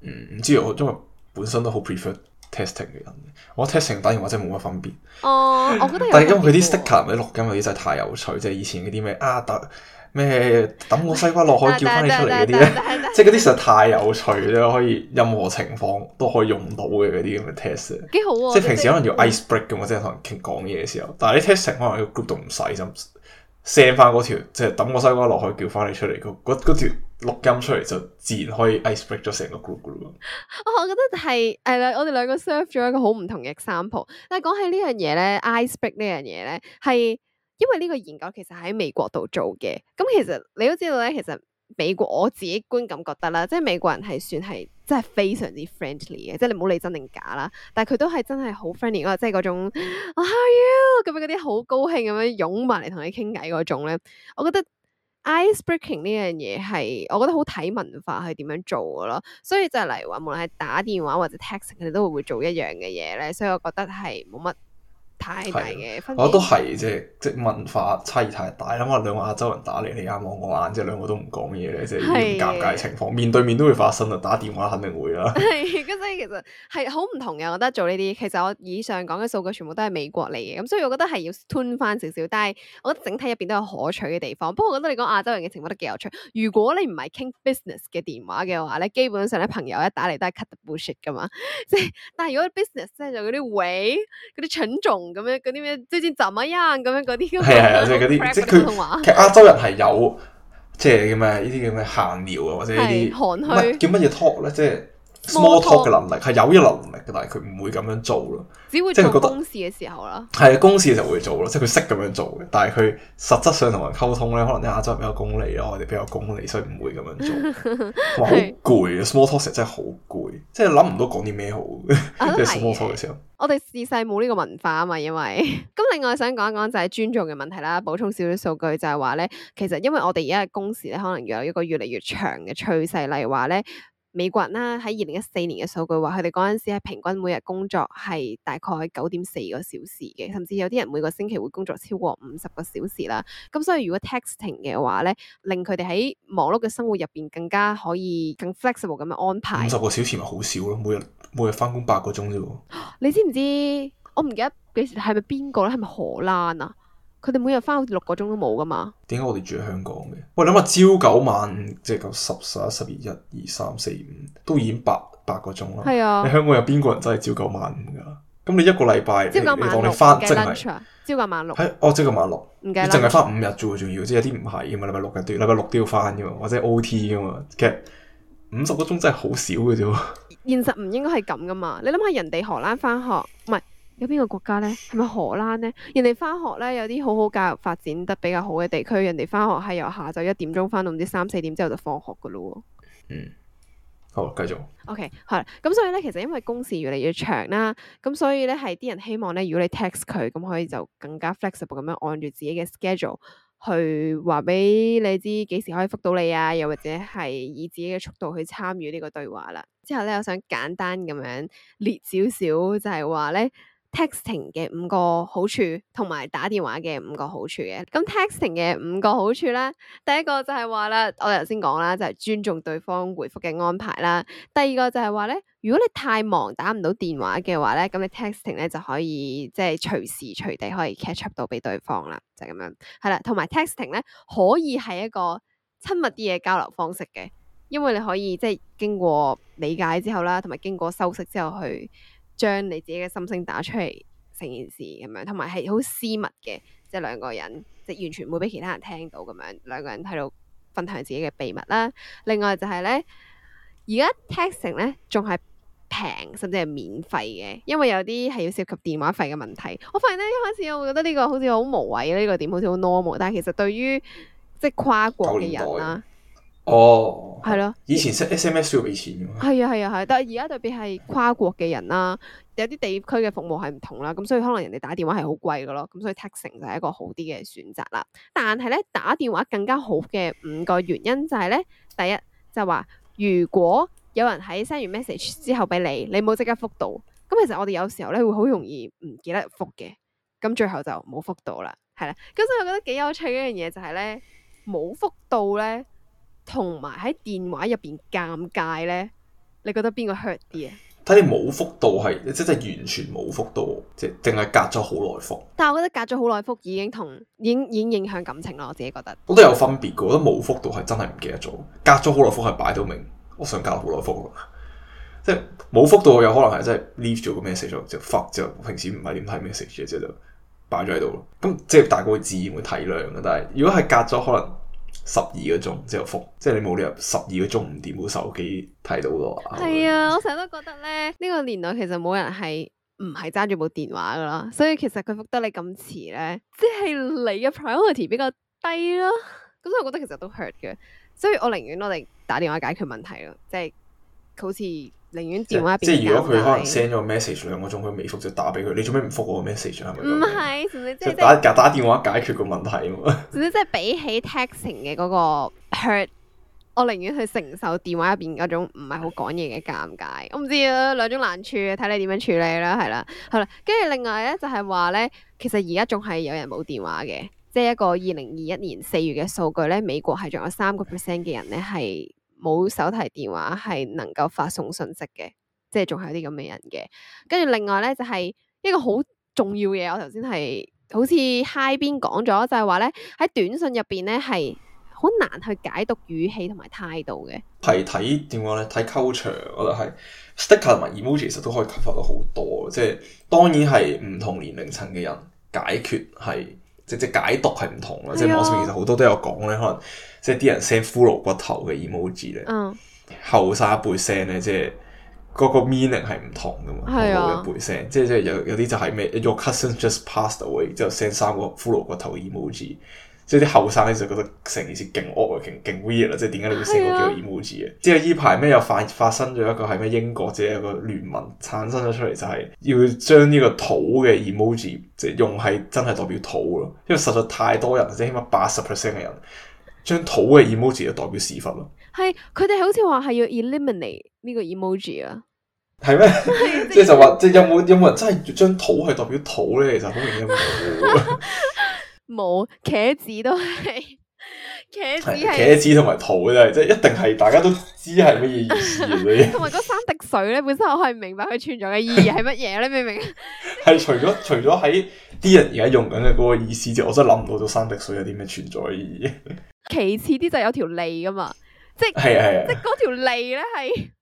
Speaker 2: 嗯，唔知道，我因為我本身都好 prefer testing 嘅人，我 testing 反而真係冇乜分別。哦，我
Speaker 1: 覺得。但係因為佢啲
Speaker 2: sticker 啲錄音嗰啲真係太有趣，即係以前嗰啲咩啊抌咩抌個西瓜落海叫翻你出嚟嗰啲咧， 即係嗰啲實在太有趣啦，可以任何情況都可以用到嘅嗰啲咁嘅 test。幾
Speaker 1: 好。即係平時可能
Speaker 2: 要 ice break 咁或者同人傾講嘢嘅時候，但係啲 testing 可能喺個 group 度唔使就 send 翻嗰條，即係抌個西瓜落去叫翻你出嚟，條。錄音出嚟就自然可以 ice break 咗成個
Speaker 1: group，哦。我覺得係誒，我哋兩個 serve 咗一個好唔同嘅 example。但係講起呢樣嘢咧，ice break 呢樣嘢咧，係因為呢個研究其實喺美國度做嘅。咁其實你都知道咧，其實美國我自己觀感覺得啦，即係美國人係算係真係非常之 friendly 嘅。即係你唔好理真定假啦，但係佢都係真係好 friendly 嗰，即係嗰種 how are you 咁樣嗰啲好高興咁樣擁埋嚟同你傾偈嗰種咧。我覺得。ice-breaking 呢樣嘢係我覺得好睇文化係點樣做嘅咯，所以就係例如話，無論係打電話或者 text，佢哋都會做一樣嘅嘢咧，所以我覺得係冇乜太大嘅，我都係即係即
Speaker 2: 係文化差異太大啦嘛，兩個亞洲人打嚟，你啱我，我眼，即係兩個都唔講嘢咧，即係咁尷尬嘅情況，的面對面都會發生啊，打電話肯定會啦。
Speaker 1: 係，咁所以其實係好唔同嘅。我覺得做呢啲，其實我以上講嘅數據全部都係美國嚟嘅，咁所以我覺得係要 tune 翻少少。但係我覺得整體入邊都有可取嘅地方。不過我覺得你講亞洲人嘅情況都幾有趣。如果你唔係傾 business 嘅電話嘅話咧，基本上咧，朋友一打嚟都係 cut the bullshit 噶嘛。即係，但係如果 business 咧，就嗰啲位，嗰啲蠢重。咁樣嗰啲咩？最近怎啊樣？咁樣嗰啲，係啊係啊，即係啲，即係佢。其實 亞洲人
Speaker 2: 係有，即係叫咩？呢啲叫咩閒聊啊，或者呢啲叫乜嘢 talk 咧？即係。
Speaker 1: Small talk 嘅能
Speaker 2: 力係有依能力嘅，但係佢唔會咁樣做咯。
Speaker 1: 只會即係覺得公事嘅時候啦，
Speaker 2: 係啊、嗯，公事嘅時候會做咯。即係佢識咁樣做嘅，但係佢實質上同人溝通咧，可能啲亞洲比較公理咯，我哋比較公理，所以唔會咁樣
Speaker 1: 做。哇， 好
Speaker 2: 攰啊！Small talk 時真係好攰，即係諗唔到講啲咩好。係。 Small talk 嘅時候，
Speaker 1: 我哋自細冇呢個文化啊嘛，因為咁。 另外想講一講就係尊重嘅問題啦。補充少少數據就係話咧，其實因為我哋而家嘅公事咧，可能有一個越嚟越長嘅趨勢，例如話咧。美國人啦，喺二零一四年嘅數據話，佢哋嗰陣時係平均每日工作係大概九點四個小時嘅，甚至有啲人每個星期會工作超過五十個小時啦。咁所以如果 texting 嘅話咧，令佢哋喺忙碌嘅生活入邊更加可以更 flexible 咁樣安排。五十個小
Speaker 2: 時咪好少咯，每日每日返工八個鐘啫
Speaker 1: 喎。你知唔知？我唔記得幾時係咪邊個咧？係咪荷蘭啊？佢哋每日翻六個鐘都冇噶嘛？
Speaker 2: 點解我哋住喺香港嘅？喂，你諗下，朝九晚五即係夠十十,十一十二一二三四五都已經八八個鐘啦。係啊，你香港有邊個人真係朝九晚五㗎？咁你一個禮拜朝九晚六你當你翻，朝
Speaker 1: 九晚六，係、啊、
Speaker 2: 哦，朝九晚六。唔記你淨係翻五日啫喎，仲要即係有啲唔係咁嘛，禮拜六日，禮拜六都要翻噶喎，或者 OT 噶嘛？其實五十個鐘真係好少嘅啫喎。
Speaker 1: 現實唔應該係咁噶嘛？你諗下人哋荷蘭翻學唔係？有邊個國家咧？係咪荷蘭咧？人哋翻學咧，有啲好好教育發展得比較好嘅地區，人哋翻學係由下晝一點鐘翻到唔知三四點之後就放學噶咯。嗯，
Speaker 2: 好繼續。
Speaker 1: OK，好啦，咁所以咧，其實因為工時越嚟越長啦，咁所以咧係啲人希望咧，如果你 text 佢，咁可以就更加 flexible 咁樣按住自己嘅 schedule 去話俾你知幾時可以覆到你啊？又或者係以自己嘅速度去參與呢個對話啦。之後咧，我想簡單咁樣列少少，就係話咧。Texting 嘅五個好處同埋打電話嘅五個好處嘅，咁 Texting 嘅五個好處咧，第一個就係話啦，我頭先講啦，就係、是、尊重對方回覆嘅安排啦。第二個就係話咧，如果你太忙打唔到電話嘅話咧，咁你 Texting 咧就可以即係隨時隨地可以 catch up 到俾對方啦，就係、是、咁樣，係啦。同埋 Texting 咧可以係一個親密啲嘅交流方式嘅，因為你可以即係、就是、經過理解之後啦，同埋經過修飾之後去。將你自己嘅心聲打出嚟，成件事咁樣，同埋係好私密嘅，即係兩個人，即係完全唔會俾其他人聽到咁樣，兩個人喺度分享自己嘅秘密啦。另外就係咧，而家 texting 咧仲係平，甚至係免費嘅，因為有啲係要涉及電話費嘅問題。我發現咧，一開始我會覺得呢個好似好無謂，呢個點好似好 normal，但係其實對於即係跨國嘅人啦。
Speaker 2: 哦，係咯的，以前 SMS 都
Speaker 1: 要俾錢嘅嘛。係啊係啊係，但係而家特別係跨國嘅人啦，有啲地區嘅服務係唔同啦，咁所以可能人哋打電話係好貴嘅咯，咁所以 texting 就係一個好啲嘅選擇啦。但係咧打電話更加好嘅五個原因就係咧，第一就話如果有人喺 send 完 message 之後俾你，你冇即刻覆到，咁其實我哋有時候咧會好容易唔記得覆嘅，咁最後就冇覆到啦，係啦。咁所以我覺得幾有趣嘅一樣嘢就係咧冇覆到咧。同埋喺電話入邊尷尬呢，你覺得邊個 hurt 啲啊？
Speaker 2: 睇你冇覆度係，即係完全冇覆度，即係淨係隔咗好耐覆，
Speaker 1: 但係我覺得隔咗好耐覆已經同已經，已經影響感情咯。我自己覺得，我都有
Speaker 2: 分別噶。我覺得冇覆度係真係唔記得咗，隔咗好耐覆係擺到明。我想隔好耐覆，即係冇覆度，有可能係真係 leave 咗個 message，就 fuck，平時唔係點睇 message 嘅，就就擺咗喺度。咁即係大家會自然會體諒嘅。但係如果係隔咗可能。十二個鐘之後復，即係你冇理由十二個鐘唔掂部手機睇到咯。係
Speaker 1: 啊，我成日都覺得咧，呢個年代其實冇人係唔係揸住部電話噶啦，所以其實佢復得你咁遲咧，即係你嘅 priority 比較低咯。咁所以我覺得其實都 hurt 嘅，所以我寧願我哋打電話解決問題咯，即係好似。寧願電話入面即是是，即係如果佢可能 send
Speaker 2: 咗個 message 兩個鐘，佢未復就打俾佢。你做咩唔復我個 message？係
Speaker 1: 咪？唔係，打打打
Speaker 2: 電話解決個問題啊！
Speaker 1: 總之，即係比起 texting 嘅嗰個 hurt，我寧願去承受電話入邊嗰種唔係好講嘢嘅尷尬。 我唔知啦，兩種難處，睇你點樣處理啦，係啦，係啦。跟住另外咧，就係話咧，其實而家仲係有人冇電話嘅。即係一個二零二一年四月嘅數據咧，美國係仲有三個 percent 嘅人咧係。冇手提電話係能夠發送信息嘅，即係仲係啲咁嘅人嘅。跟住另外咧，就係、是、一個好重要嘢，我頭先係好似嗨 i 邊講咗，就係話咧喺短信入邊咧係好難去解讀語氣同埋態度嘅。
Speaker 2: 係睇電話咧，睇溝場，我覺得係 sticker 同埋 emoji，其實都可以啟發到好多。即係當然係唔同年齡層嘅人解決係。即即解讀係唔同啦，啊、即係網上面其實好多都有講咧，可能即係啲人 send 骷髏骨頭嘅 emoji 咧、嗯，後生一輩 send 咧，即係嗰個 meaning 係唔同噶嘛，後生一輩 send，即係、啊、即係有有啲就係咩，Your cousin just passed away，之後 send 三個骷髏骨頭嘅 emoji。即係啲後生咧就覺得成件事勁惡啊，勁勁 weird 啦！即係點解你會寫嗰幾個 emoji 嘅？即係呢排咩又發發生咗一個係咩英國即係一個聯盟產生咗出嚟，就係要將呢個土嘅 emoji 即係用係真係代表土咯，因為實在太多人，或者起碼八十 percent 嘅人將土嘅 emoji 就代表屎忽咯。
Speaker 1: 係佢哋好似話係要 eliminate 呢個 emoji 啊？
Speaker 2: 係咩嗎？ 即係就話即係有冇有冇人真係將土係代表土咧？其實好容易誤
Speaker 1: 會。冇茄子都係茄子，係茄子
Speaker 2: 同埋桃真係即係一定係大家都知係乜嘢意思，同埋
Speaker 1: 嗰三滴水咧，本身我係唔明白佢存在嘅意義係乜嘢，你明唔明？
Speaker 2: 係除咗除咗喺啲人而家用緊嘅嗰個意思之外，我真係諗唔到到三滴水有啲咩存在意義。
Speaker 1: 其次啲就係有條脷噶嘛，即係係係即係嗰條脷咧係。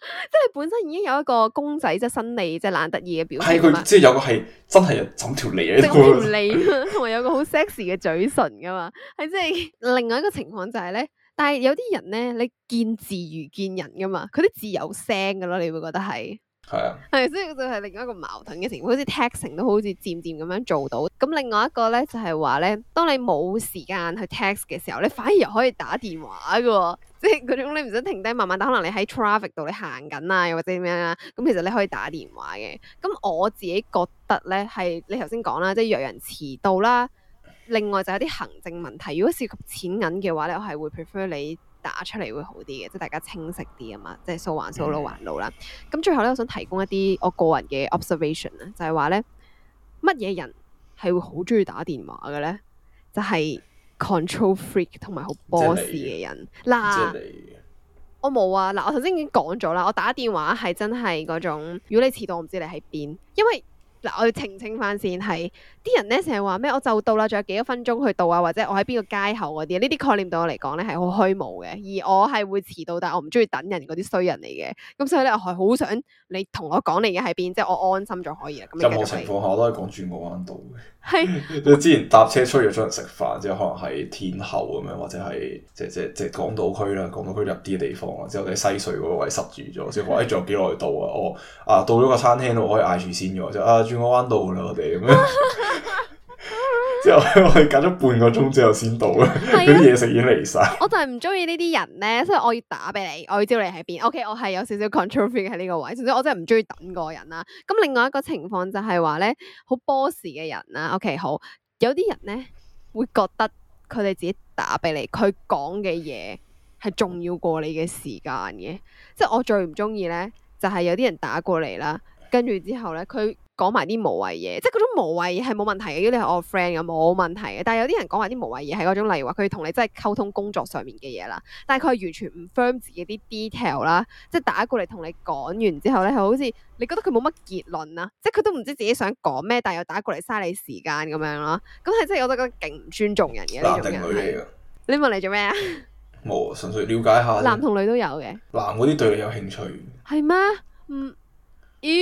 Speaker 1: 即係本身已經有一個公仔，即係伸脷，即係懶得意嘅表情。係佢即係有個係
Speaker 2: 真係整條脷啊，整條脷
Speaker 1: 啊，同埋 有個好 sexy 嘅嘴唇噶嘛。係即係另外一個情況就係、是、咧，但係有啲人咧，你見字如見人噶嘛，佢啲字有聲噶咯，你會覺得係，係啊，係是的 所以就係另一個矛盾嘅情況，好似 texting 都好似漸漸咁樣做到。咁另外一個咧就係話咧，當你冇時間去 text 嘅時候，你反而又可以打電話噶即係嗰種你唔想停低慢慢打。可能你喺 traffic 度你行緊啊，又或者點樣啊？咁其實你可以打電話嘅。咁我自己覺得咧，係你頭先講啦，即係約人遲到啦，另外就有啲行政問題。如果涉及錢銀嘅話咧，我係會 prefer 你打出嚟會好啲嘅，即係大家清晰啲啊嘛，即係數還數，路還路啦。咁 最後咧，我想提供一啲我個人嘅 observation 啊，就係話咧，乜嘢人係會好中意打電話嘅咧？就係、是。Control freak 同埋好 boss 嘅人嗱、就是，我冇啊嗱，我頭先已經講咗啦，我打電話係真係嗰種，如果你遲到，我唔知你喺邊，因為嗱我要澄清翻先係，啲人咧成日話咩，我就到啦，仲有幾多分鐘去到啊，或者我喺邊個街口嗰啲，呢啲概念對我嚟講咧係好虛無嘅，而我係會遲到，但係我唔中意等人嗰啲衰人嚟嘅，咁、嗯、所以咧我係好想你同我講你而家喺邊，即係我安心就可以啦。任何情況
Speaker 2: 下都係講轉個彎到嘅。 之前搭車出去出嚟食飯，即係可能喺天后咁樣，或者係即係即係即係港島區啦，港島區入啲地方的、哎、啊，之後我喺西隧嗰位塞住咗，即係話哎，仲有幾耐到啊？我啊到咗個餐廳度，可以嗌住先嘅，就啊轉個彎道啦，我哋咁樣。 之後 我係隔咗半個鐘之後先到啊，啲嘢 食已經嚟
Speaker 1: 晒。我就係唔中意呢啲人咧，所以我要打俾你，我要知道你喺邊。OK，我係有少少 control freak 喺呢個位，總之我真係唔中意等過人啦。咁另外一個情況就係話咧，好 boss 嘅人啦。OK，好，有啲人咧會覺得佢哋自己打俾你，佢講嘅嘢係重要過你嘅時間嘅。即係我最唔中意咧，就係、是、有啲人打過嚟啦，跟住之後咧，佢。講埋啲無謂嘢，即係嗰種無謂嘢係冇問題嘅，如果你係我 friend 咁冇問題嘅。但係有啲人講埋啲無謂嘢，係嗰種例如話佢同你真係溝通工作上面嘅嘢啦，但係佢係完全唔 firm 自己啲 detail 啦，即係打過嚟同你講完之後咧，係好似你覺得佢冇乜結論啊，即係佢都唔知自己想講咩，但係又打過嚟嘥你時間咁樣咯。咁係真係我都覺得勁唔尊重人嘅。男定女嚟？你問你做咩啊？冇，
Speaker 2: 純粹了解下。男
Speaker 1: 同女都有嘅。
Speaker 2: 男嗰啲對你有興趣。
Speaker 1: 係咩？嗯。妖，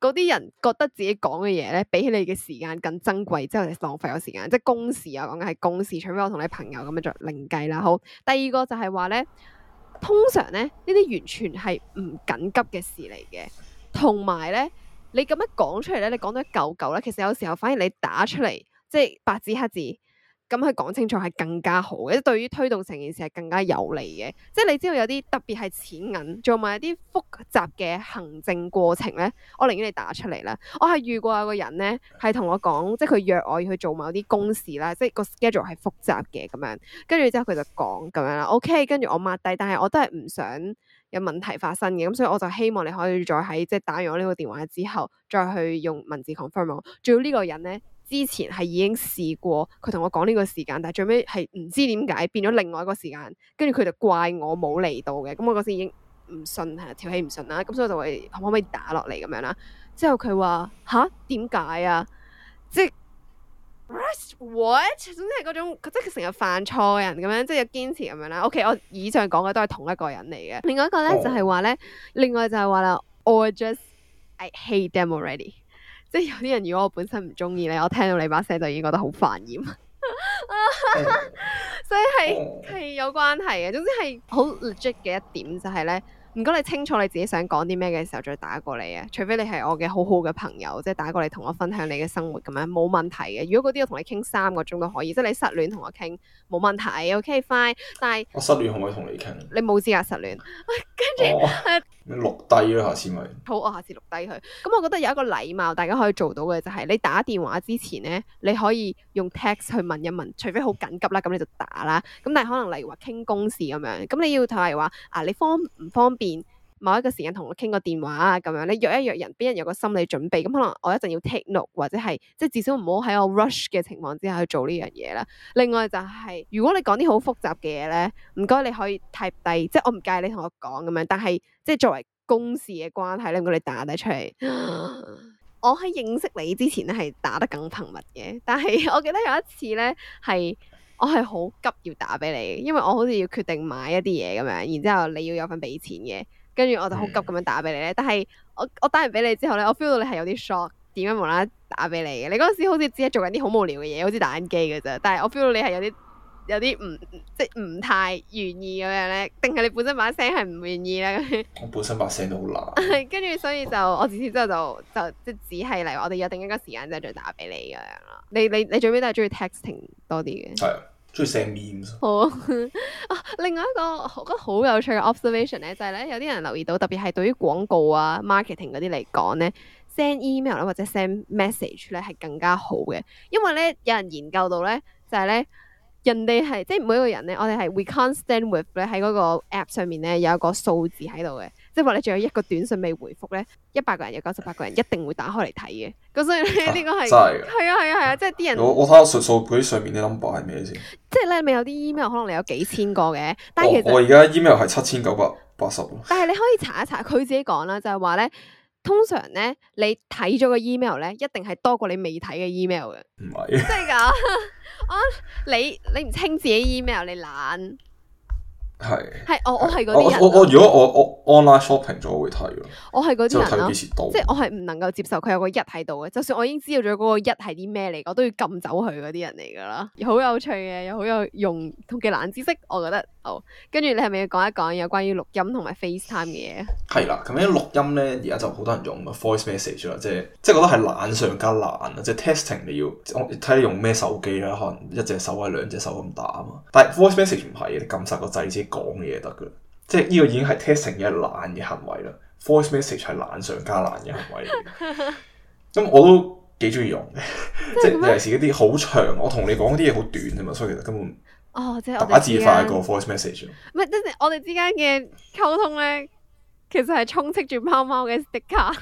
Speaker 1: 嗰啲、e、人覺得自己講嘅嘢咧，比起你嘅時間更珍貴，之後就浪費咗時間，即公事啊，講嘅係公事，除非我同你朋友咁樣再另計啦。好，第二個就係話咧，通常咧呢啲完全係唔緊急嘅事嚟嘅，同埋咧你咁樣講出嚟咧，你講到一嚿嚿咧，其實有時候反而你打出嚟，即白紙黑字。咁佢講清楚係更加好嘅，即係對於推動成件事係更加有利嘅。即係你知道有啲特別係錢銀，做埋一啲複雜嘅行政過程咧。我寧願你打出嚟啦。我係遇過有個人咧，係同我講，即係佢約我要去做某啲公事啦，即係個 schedule 係複雜嘅咁樣。跟住之後佢就講咁樣啦，OK。跟住我抹低，但係我都係唔想有問題發生嘅，咁所以我就希望你可以再喺即係打完我呢個電話之後，再去用文字 confirm 我。仲要呢個人咧。之前係已經試過，佢同我講呢個時間，但係最尾係唔知點解變咗另外一個時間，跟住佢就怪我冇嚟到嘅。咁我嗰時已經唔信，係條氣唔信啦。咁所以我就會可唔可以打落嚟咁樣啦？之後佢話吓？點解啊？即係 what what 總之係嗰種，即係成日犯錯嘅人咁樣，即係有堅持咁樣啦。OK，我以上講嘅都係同一個人嚟嘅。另外一個咧就係話咧，oh. 另外就係話啦 or just I hate them already。即係有啲人，如果我本身唔中意咧，我聽到你把聲就已經覺得好煩厭， 所以係係有關係嘅。總之係好 logic 嘅一點就係、是、咧。唔該，如果你清楚你自己想講啲咩嘅時候再打過嚟啊！除非你係我嘅好好嘅朋友，即係打過嚟同我分享你嘅生活咁樣，冇問題嘅。如果嗰啲我同你傾三個鐘都可以，即係你失戀同我傾，冇問題，OK fine 但。但係我失戀可唔可以同你傾、哦？你冇資格失戀，跟
Speaker 2: 住錄低啦，下次咪
Speaker 1: 好。我下次錄低佢。咁、嗯、我覺得有一個禮貌，大家可以做到嘅就係、是、你打電話之前呢，你可以用 text 去問一問，除非好緊急啦，咁你就打啦。咁但係可能例如話傾公事咁樣，咁你要例如話啊，你方唔方便？邊某一個時間同我傾個電話啊，咁樣你約一約人，俾人有個心理準備。咁可能我一陣要 take note 或者係即係至少唔好喺我 rush 嘅情況之下去做呢樣嘢啦。另外就係、是、如果你講啲好複雜嘅嘢咧，唔該你可以 type 低，即係我唔介意你同我講咁樣。但係即係作為公事嘅關係，你唔該你打得出嚟。 我喺認識你之前咧係打得更頻密嘅，但係我記得有一次咧係。我係好急要打俾你，因為我好似要決定買一啲嘢咁樣，然之後你要有份俾錢嘅，跟住我就好急咁樣打俾你咧。嗯、但係我我打完俾你之後咧，我 feel 到你係有啲 shock，點解無啦啦打俾你嘅？你嗰陣時好似只係做緊啲好無聊嘅嘢，好似打緊機嘅啫。但係我 feel 到你係有啲有啲唔即係唔太願意咁樣咧，定係你本身把聲係唔願意咧？
Speaker 2: 我本身把聲都好難。
Speaker 1: 跟住 所以就我自此之後就就即係只係嚟話我哋約定一個時間之後再打俾你咁樣咯。你你你，你最尾都係中意 texting 多啲嘅。 中意成面。好啊！ 另外一個我覺得好有趣嘅 observation 咧，就係咧有啲人留意到，特別係對於廣告啊、marketing 嗰啲嚟講咧，send email 啦或者 send message 咧係更加好嘅，因為咧有人研究到咧，就係、是、咧就係咧人哋係即係每個人咧，我哋係 we can't stand with 咧喺嗰個 app 上面咧有一個數字喺度嘅。即係話你仲有一個短信未回覆咧，一百個人有九十八個人一定會打開嚟睇嘅。咁所以呢個係，係啊係啊係啊，即係啲人。我我睇下
Speaker 2: 數數佢上面啲 number 係咩先。
Speaker 1: 即係咧，咪有啲 email 可能你有幾千個嘅，但係其實我我而家 email 係
Speaker 2: 七千九百八十咯。
Speaker 1: 但係你可以查一查，佢自己講啦，就係話咧，通常咧你睇咗個 email 咧，一定係多過你未睇嘅 email 嘅。唔係是。即係咁，我你你唔清自己 email，你懶。係，係我我係嗰啲人。我、就是、我，我如果我我 online shopping 咗會睇咯。我係嗰啲人、啊、即係我係唔能夠接受佢有個一喺度嘅。就算我已經知道咗嗰，那個一係啲咩嚟，我都要撳走佢嗰啲人嚟噶啦。好有趣嘅，又好有用嘅冷知識，我覺得。哦，跟住、oh, 你係咪要講一講有關於錄音同埋 FaceTime 嘅嘢
Speaker 2: 啊？係啦，咁樣錄音咧，而家就好多人用 Voice Message 啦，即係即係覺得係懶上加懶啊！即係 texting 你要，我睇你用咩手機啦，可能一隻手或者兩隻手咁打啊嘛。但係 Voice Message 唔係你撳實個掣自己講嘢得噶，即係呢個已經係 texting 嘅懶嘅行為啦。Voice Message 係懶上加懶嘅行為嚟，咁 我都幾中意用嘅， 即係尤其是嗰啲好長，我同你講嗰啲嘢好短啊嘛，所以其實根本。
Speaker 1: 哦，oh, 即係爸爸自己發個
Speaker 2: voice message。
Speaker 1: 唔係，真正我哋之間嘅溝通咧，其實係充斥住貓貓嘅 sticker。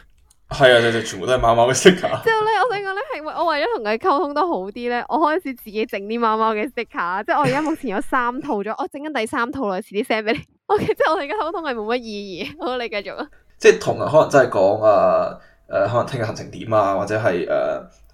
Speaker 2: 係啊，係全部都係貓貓嘅 sticker。
Speaker 1: 之後咧，我想講咧，係我為咗同佢溝通得好啲咧，我開始自己整啲貓貓嘅 sticker。即係我而家目前有三套咗， 我整緊第三套咯，遲啲 send 俾你。O K， 即係我哋而家溝通係冇乜意義。好，你繼續啊。
Speaker 2: 即係同人可能真係講啊，誒、啊，可能聽日行程點啊，或者係誒。Uh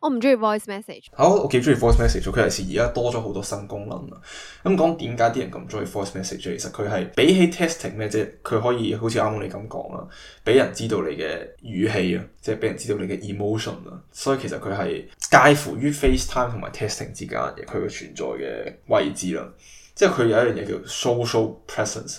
Speaker 1: 我唔中意 voice message。
Speaker 2: 好，我幾中意 voice message。佢就係而家多咗好多新功能啊。咁講點解啲人咁唔中意 voice message？其實佢係比起 testing 咩，即係佢可以好似啱啱你咁講啦，俾人知道你嘅語氣啊，即係俾人知道你嘅 emotion 啊。所以其實佢係介乎於 FaceTime 同埋 testing 之間嘅佢嘅存在嘅位置啦。即係佢有一樣嘢叫 social presence。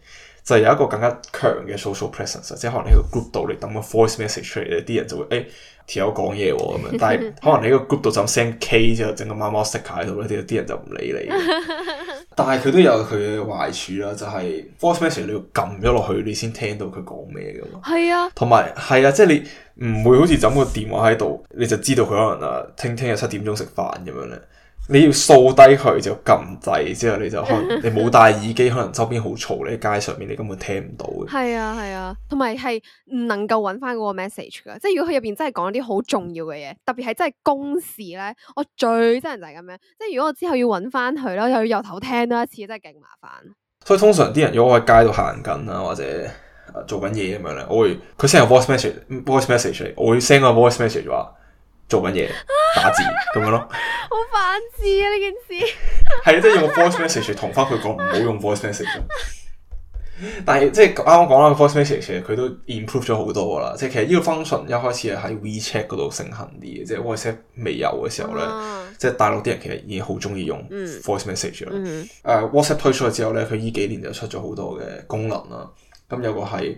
Speaker 2: 就係有一個更加強嘅 social presence，即係可能喺個 group 度你等個 voice message 出嚟咧，啲人就會誒條友講嘢喎咁樣。但係可能你喺個 group 度就咁 send K 之後，整個貓貓 sticker 喺度咧，啲人就唔理你。但係佢都有佢嘅壞處啦，就係、是、voice message 你要撳咗落去你先聽到佢講咩嘅嘛。係啊，同埋係啊，即、就、係、是、你唔會好似就咁個電話喺度，你就知道佢可能啊聽聽日七點鐘食飯咁樣咧。你要掃低佢就撳掣，之後你就可能你冇戴耳機， 可能周邊好嘈，你喺街上面你根本聽唔到
Speaker 1: 嘅。係啊，係啊，同埋係唔能夠揾翻嗰個 message 噶，即係如果佢入邊真係講啲好重要嘅嘢，特別係真係公事咧，我最憎人就係咁樣，即係如果我之後要揾翻佢咯，又要由頭聽多一次，真係勁麻煩。
Speaker 2: 所以通常啲人如果我喺街度行緊啊，或者做緊嘢咁樣咧，我會佢 send 個 voice message，voice message 嚟，我會 send 個 voice message 話。做緊嘢打字咁樣咯，好
Speaker 1: 反智啊呢件事！
Speaker 2: 係啊，即係用 voice message 同翻佢講唔好用 voice message。但係即係啱啱講啦，voice message 其實佢都 improve 咗好多啦。即係其實呢個 function 一開始係喺 WeChat 嗰度盛行啲嘅，即係 WhatsApp 未有嘅時候咧，即係大陸啲人其實已經好中意用 voice message 啦。誒 WhatsApp 推出咗之後咧，佢依幾年就出咗好多嘅功能啦。咁有個係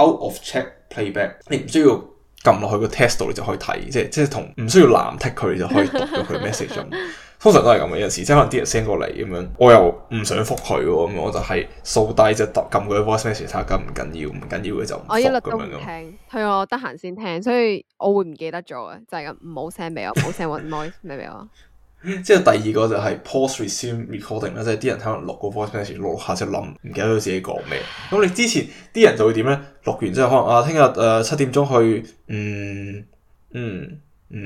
Speaker 2: out of chat playback，你唔需要。撳落去個 test 度你就可以睇，即係即係同唔需要藍剔佢，你就可以讀到佢 message。 通常都係咁嘅。有陣時，即係可能啲人 send 過嚟咁樣，我又唔想覆佢，咁我就係掃低即係撳佢 voice message 睇下緊唔緊要，唔緊要嘅就我一律都唔聽，
Speaker 1: 係樣 我得閒先聽，所以我會唔記得咗嘅，就係、是、咁，唔好 send 俾我，唔好 send voice message 俾我。
Speaker 2: 即係第二個就係 pause resume recording 啦，即係啲人可能錄個 voice message 錄下就係諗唔記得佢自己講咩，咁你之前啲人就會點咧？錄完之後可能啊，聽日誒七點鐘去嗯嗯嗯，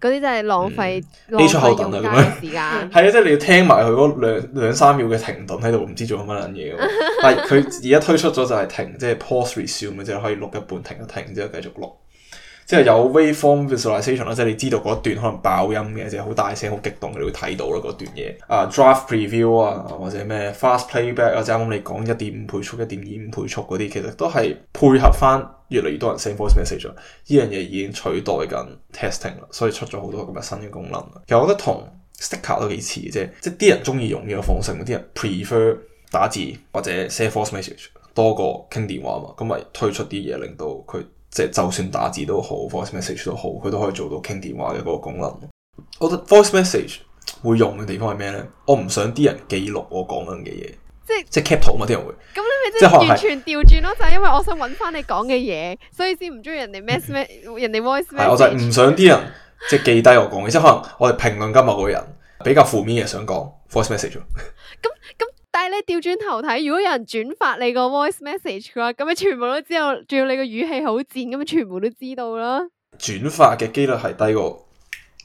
Speaker 1: 嗰、嗯、啲、嗯、就係浪費，嗯、浪費用家時間。係
Speaker 2: 啊、 嗯， 即係你要聽埋佢嗰兩兩三秒嘅停頓喺度，唔知做緊乜捻嘢。 但係佢而家推出咗就係停，即係 pause resume，即係可以錄一半停一停之後繼續錄。即係有 waveform visualization 啦，即係你知道嗰一段可能爆音嘅，即係好大聲、好激動嘅，你會睇到啦嗰段嘢。啊 draft preview 啊，或者咩 fast playback 啊，即係啱啱你講一點五倍速、一點二五倍速嗰啲，其實都係配合翻越嚟越多人 send voice message，依樣嘢已經取代緊 texting 啦，所以出咗好多咁嘅新嘅功能。其實我覺得同 sticker 都幾似嘅，即係即係啲人中意用呢個方式，啲人 prefer 打字或者 send voice message 多過傾電話啊嘛，咁咪推出啲嘢令到佢。即係就算打字都好，voice message 都好，佢都可以做到傾電話嘅嗰個功能。我覺得 voice message 會用嘅地方係咩呢？我唔想啲人記錄我講緊嘅嘢，即係即係 capture 嘛，啲人會
Speaker 1: 咁你咪即係是完全調轉咯，就係是因為我想揾翻你講嘅嘢，所以先唔中意人哋 message 人哋 voice。係我就係唔
Speaker 2: 想啲人 即係記低我講，即係可能我哋評論今日個人比較負面嘅，想講 voice message。
Speaker 1: 係你調轉頭睇，如果有人轉發你個 voice message 嘅話，咁你全部都知道，仲要你個語氣好賤，咁啊全部都知道啦。
Speaker 2: 轉發嘅幾率係低過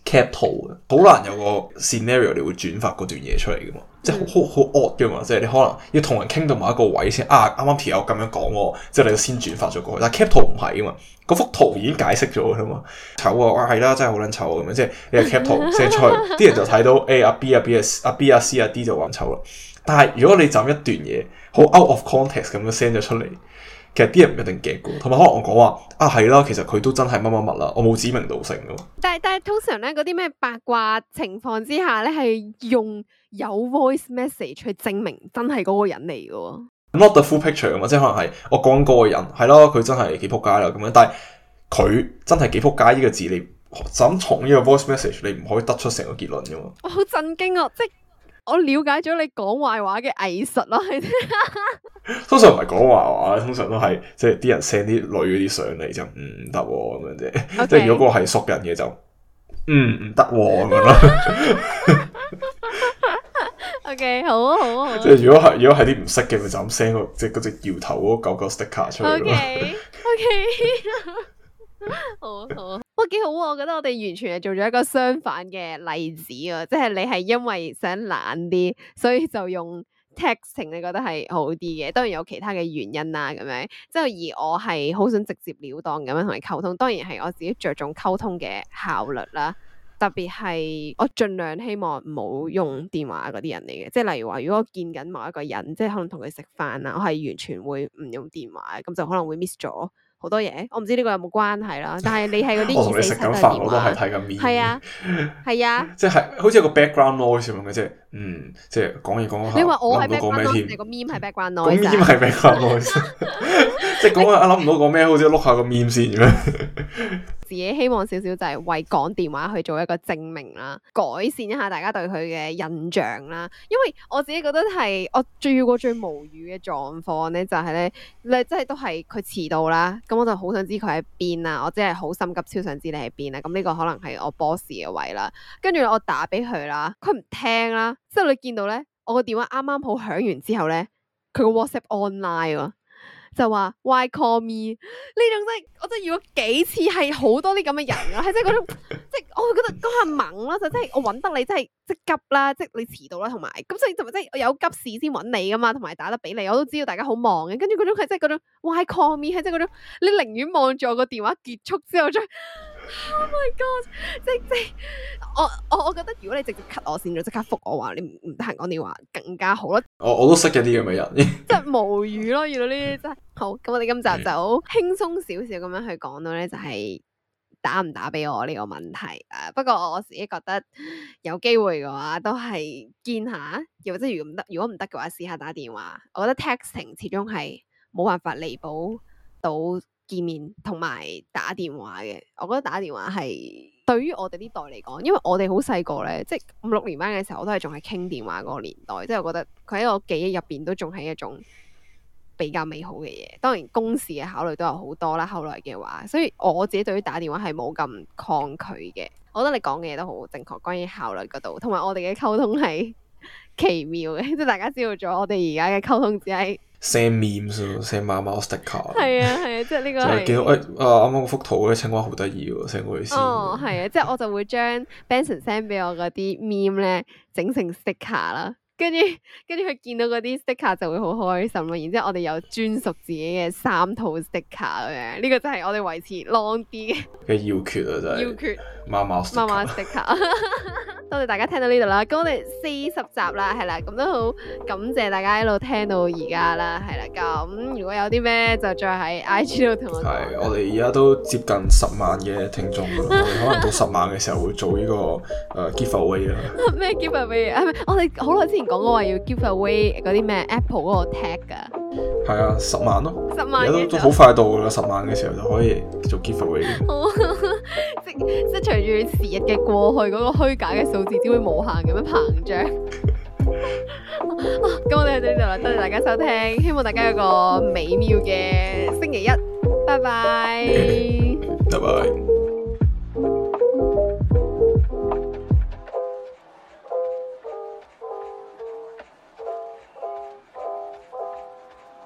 Speaker 2: cap 圖嘅，好難有個 scenario 你會轉發嗰段嘢出嚟噶嘛？即係好好好 odd 噶嘛？即係你可能要同人傾到某一個位先啊，啱啱條友咁樣講，之後你先轉發咗過去。但係 cap 圖唔係啊嘛，嗰幅圖已經解釋咗噶嘛，醜啊，係啦，真係好撚醜咁樣，即係你係 cap 圖寫出去，啲 人就睇到 a 啊 B 啊 B 啊啊 B 啊 C 啊 D 就玩醜啦。但係如果你揼一段嘢好 out of context 咁樣 send 咗出嚟，其實啲人唔一定驚嘅喎。同埋可能我講話啊係啦，其實佢都真係乜乜乜啦，我冇指名道姓嘅
Speaker 1: 喎。但係但係通常咧嗰啲咩八卦情況之下咧係用有 voice message 去證明真係嗰個人嚟嘅
Speaker 2: 喎。Not the full picture 啊嘛，即係可能係我講緊嗰個人係咯，佢真係幾撲街啦咁樣。但係佢真係幾撲街呢個字，你揼從呢個 voice message 你唔可以得出成個結論嘅
Speaker 1: 嘛。我好震驚啊！即我了解咗你講壞話嘅藝術咯，
Speaker 2: 通常唔係講壞話，通常都係即係啲人 send 啲女嗰啲上嚟就唔得咁樣啫，即係如果嗰個係熟人嘅就，嗯唔得咁樣咯。OK，好
Speaker 1: 啊好啊，即係 Okay. 如果係
Speaker 2: 如果係啲唔識嘅咪就咁 send 個即係嗰隻搖頭嗰個狗狗 sticker 出嚟咯。OK，OK，好啊
Speaker 1: 好啊。哇，幾好啊！我覺得我哋完全係做咗一個相反嘅例子啊，即係你係因為想懶啲，所以就用 texting，你覺得係好啲嘅，當然有其他嘅原因啦、啊，咁樣。即係而我係好想直接了當咁樣同你溝通，當然係我自己着重溝通嘅效率啦。特別係我盡量希望唔好用電話嗰啲人嚟嘅，即係例如話如果我見緊某一個人，即係可能同佢食飯啊，我係完全會唔用電話，咁就可能會 miss 咗。好多嘢，我唔知呢個有冇關係啦。但係你係嗰啲，我同你食緊飯，我都係睇緊面，係啊，係啊，
Speaker 2: 即係好似有個 background noise 咁嘅啫。嗯，即係講嘢講下，你話我係 background 咩？你麼個
Speaker 1: 面係 background noise，個面係
Speaker 2: background noise。 即係講下，諗唔到講咩，好似碌下個面先。
Speaker 1: 自己希望少少就係為講電話去做一個證明啦，改善一下大家對佢嘅印象啦。因為我自己覺得係我最要過最無語嘅狀況咧，就係、係、咧，你即係都係佢遲到啦。咁我就好想知佢喺邊啦，我真係好心急，超想知你喺邊啦。咁呢個可能係我 boss 嘅位啦，跟住我打畀佢啦，佢唔聽啦。之後你見到咧，我個電話啱啱好響完之後咧，佢個 WhatsApp online 喎。就話 why call me 呢種真係我真係遇過幾次係好多啲咁嘅人啊，係即係嗰種即係、就是、我覺得嗰下猛咯，就即、是、係我揾得你真係即急啦，即、就、係、是、你遲到啦，同埋咁所以同埋即係有急事先揾你噶嘛，同埋打得俾你，我都知道大家好忙嘅，跟住嗰種係即係嗰種 why call me 係即係嗰種你寧願望住我個電話結束之後再 oh my god 即即、就是、我我我覺得如果你直接 cut 我線就即刻覆我話你唔得閒講電話更加好咯。我
Speaker 2: 我都識嘅啲咁嘅人，即
Speaker 1: 係無語咯，遇到呢啲真係。 好，咁我哋今集就好輕鬆少少咁樣去講到呢，就係打唔打俾我呢個問題啊。Uh, 不過我自己覺得有機會嘅話，都係見下，又或者如果唔得，如果唔得嘅話，試下打電話。我覺得 texting 始終係冇辦法彌補到見面同埋打電話嘅。我覺得打電話係對於我哋呢代嚟講，因為我哋好細個呢，即係五六年班嘅時候，我都係仲係傾電話嗰個年代。即係我覺得佢喺我記憶入邊都仲係一種。比較美好嘅嘢，當然公事嘅考慮都有好多啦。後來嘅話，所以我自己對於打電話係冇咁抗拒嘅。我覺得你講嘅嘢都好好正確，關於效率嗰度，同埋我哋嘅溝通係奇妙嘅，即係大家知道咗我哋而家嘅溝通只係
Speaker 2: send meme，send 貓貓 sticker。係
Speaker 1: 啊係啊，即係呢個。就係見
Speaker 2: 到啱啱幅圖嗰啲青蛙好得意喎，成個意思。
Speaker 1: 哦，係啊，即係我就會將 Benson send 俾我嗰啲 meme 咧，整成 sticker 啦。跟住，跟住佢見到嗰啲 sticker 就會好開心咯。然之後我哋有專屬自己嘅三套 sticker 嘅，呢個就係我哋維持 long 啲
Speaker 2: 嘅要訣啊！真係要訣，貓貓
Speaker 1: sticker。多謝大家聽到呢度啦，咁我哋四十集啦，係啦，咁都好感謝大家一路聽到而家啦，係啦，咁如果有啲咩就再喺 IG 度同我係，
Speaker 2: 我哋而家都接近十萬嘅聽眾啦， 我哋可能到十萬嘅時候會做呢個誒 giveaway 啦。
Speaker 1: 咩 giveaway？係咪，我哋好耐之前。講我話要 give away 嗰啲咩 Apple 嗰個 tag 噶，
Speaker 2: 係啊，十萬咯，十萬都好快到噶啦，十萬嘅時候就可以做 give away。
Speaker 1: 好、 哦，即即隨住時日嘅過去，嗰個虛假嘅數字只會無限咁樣膨脹。咁、 哦、我哋就到呢度喇，多謝大家收聽，希望大家有個美妙嘅星期一，拜拜，拜拜。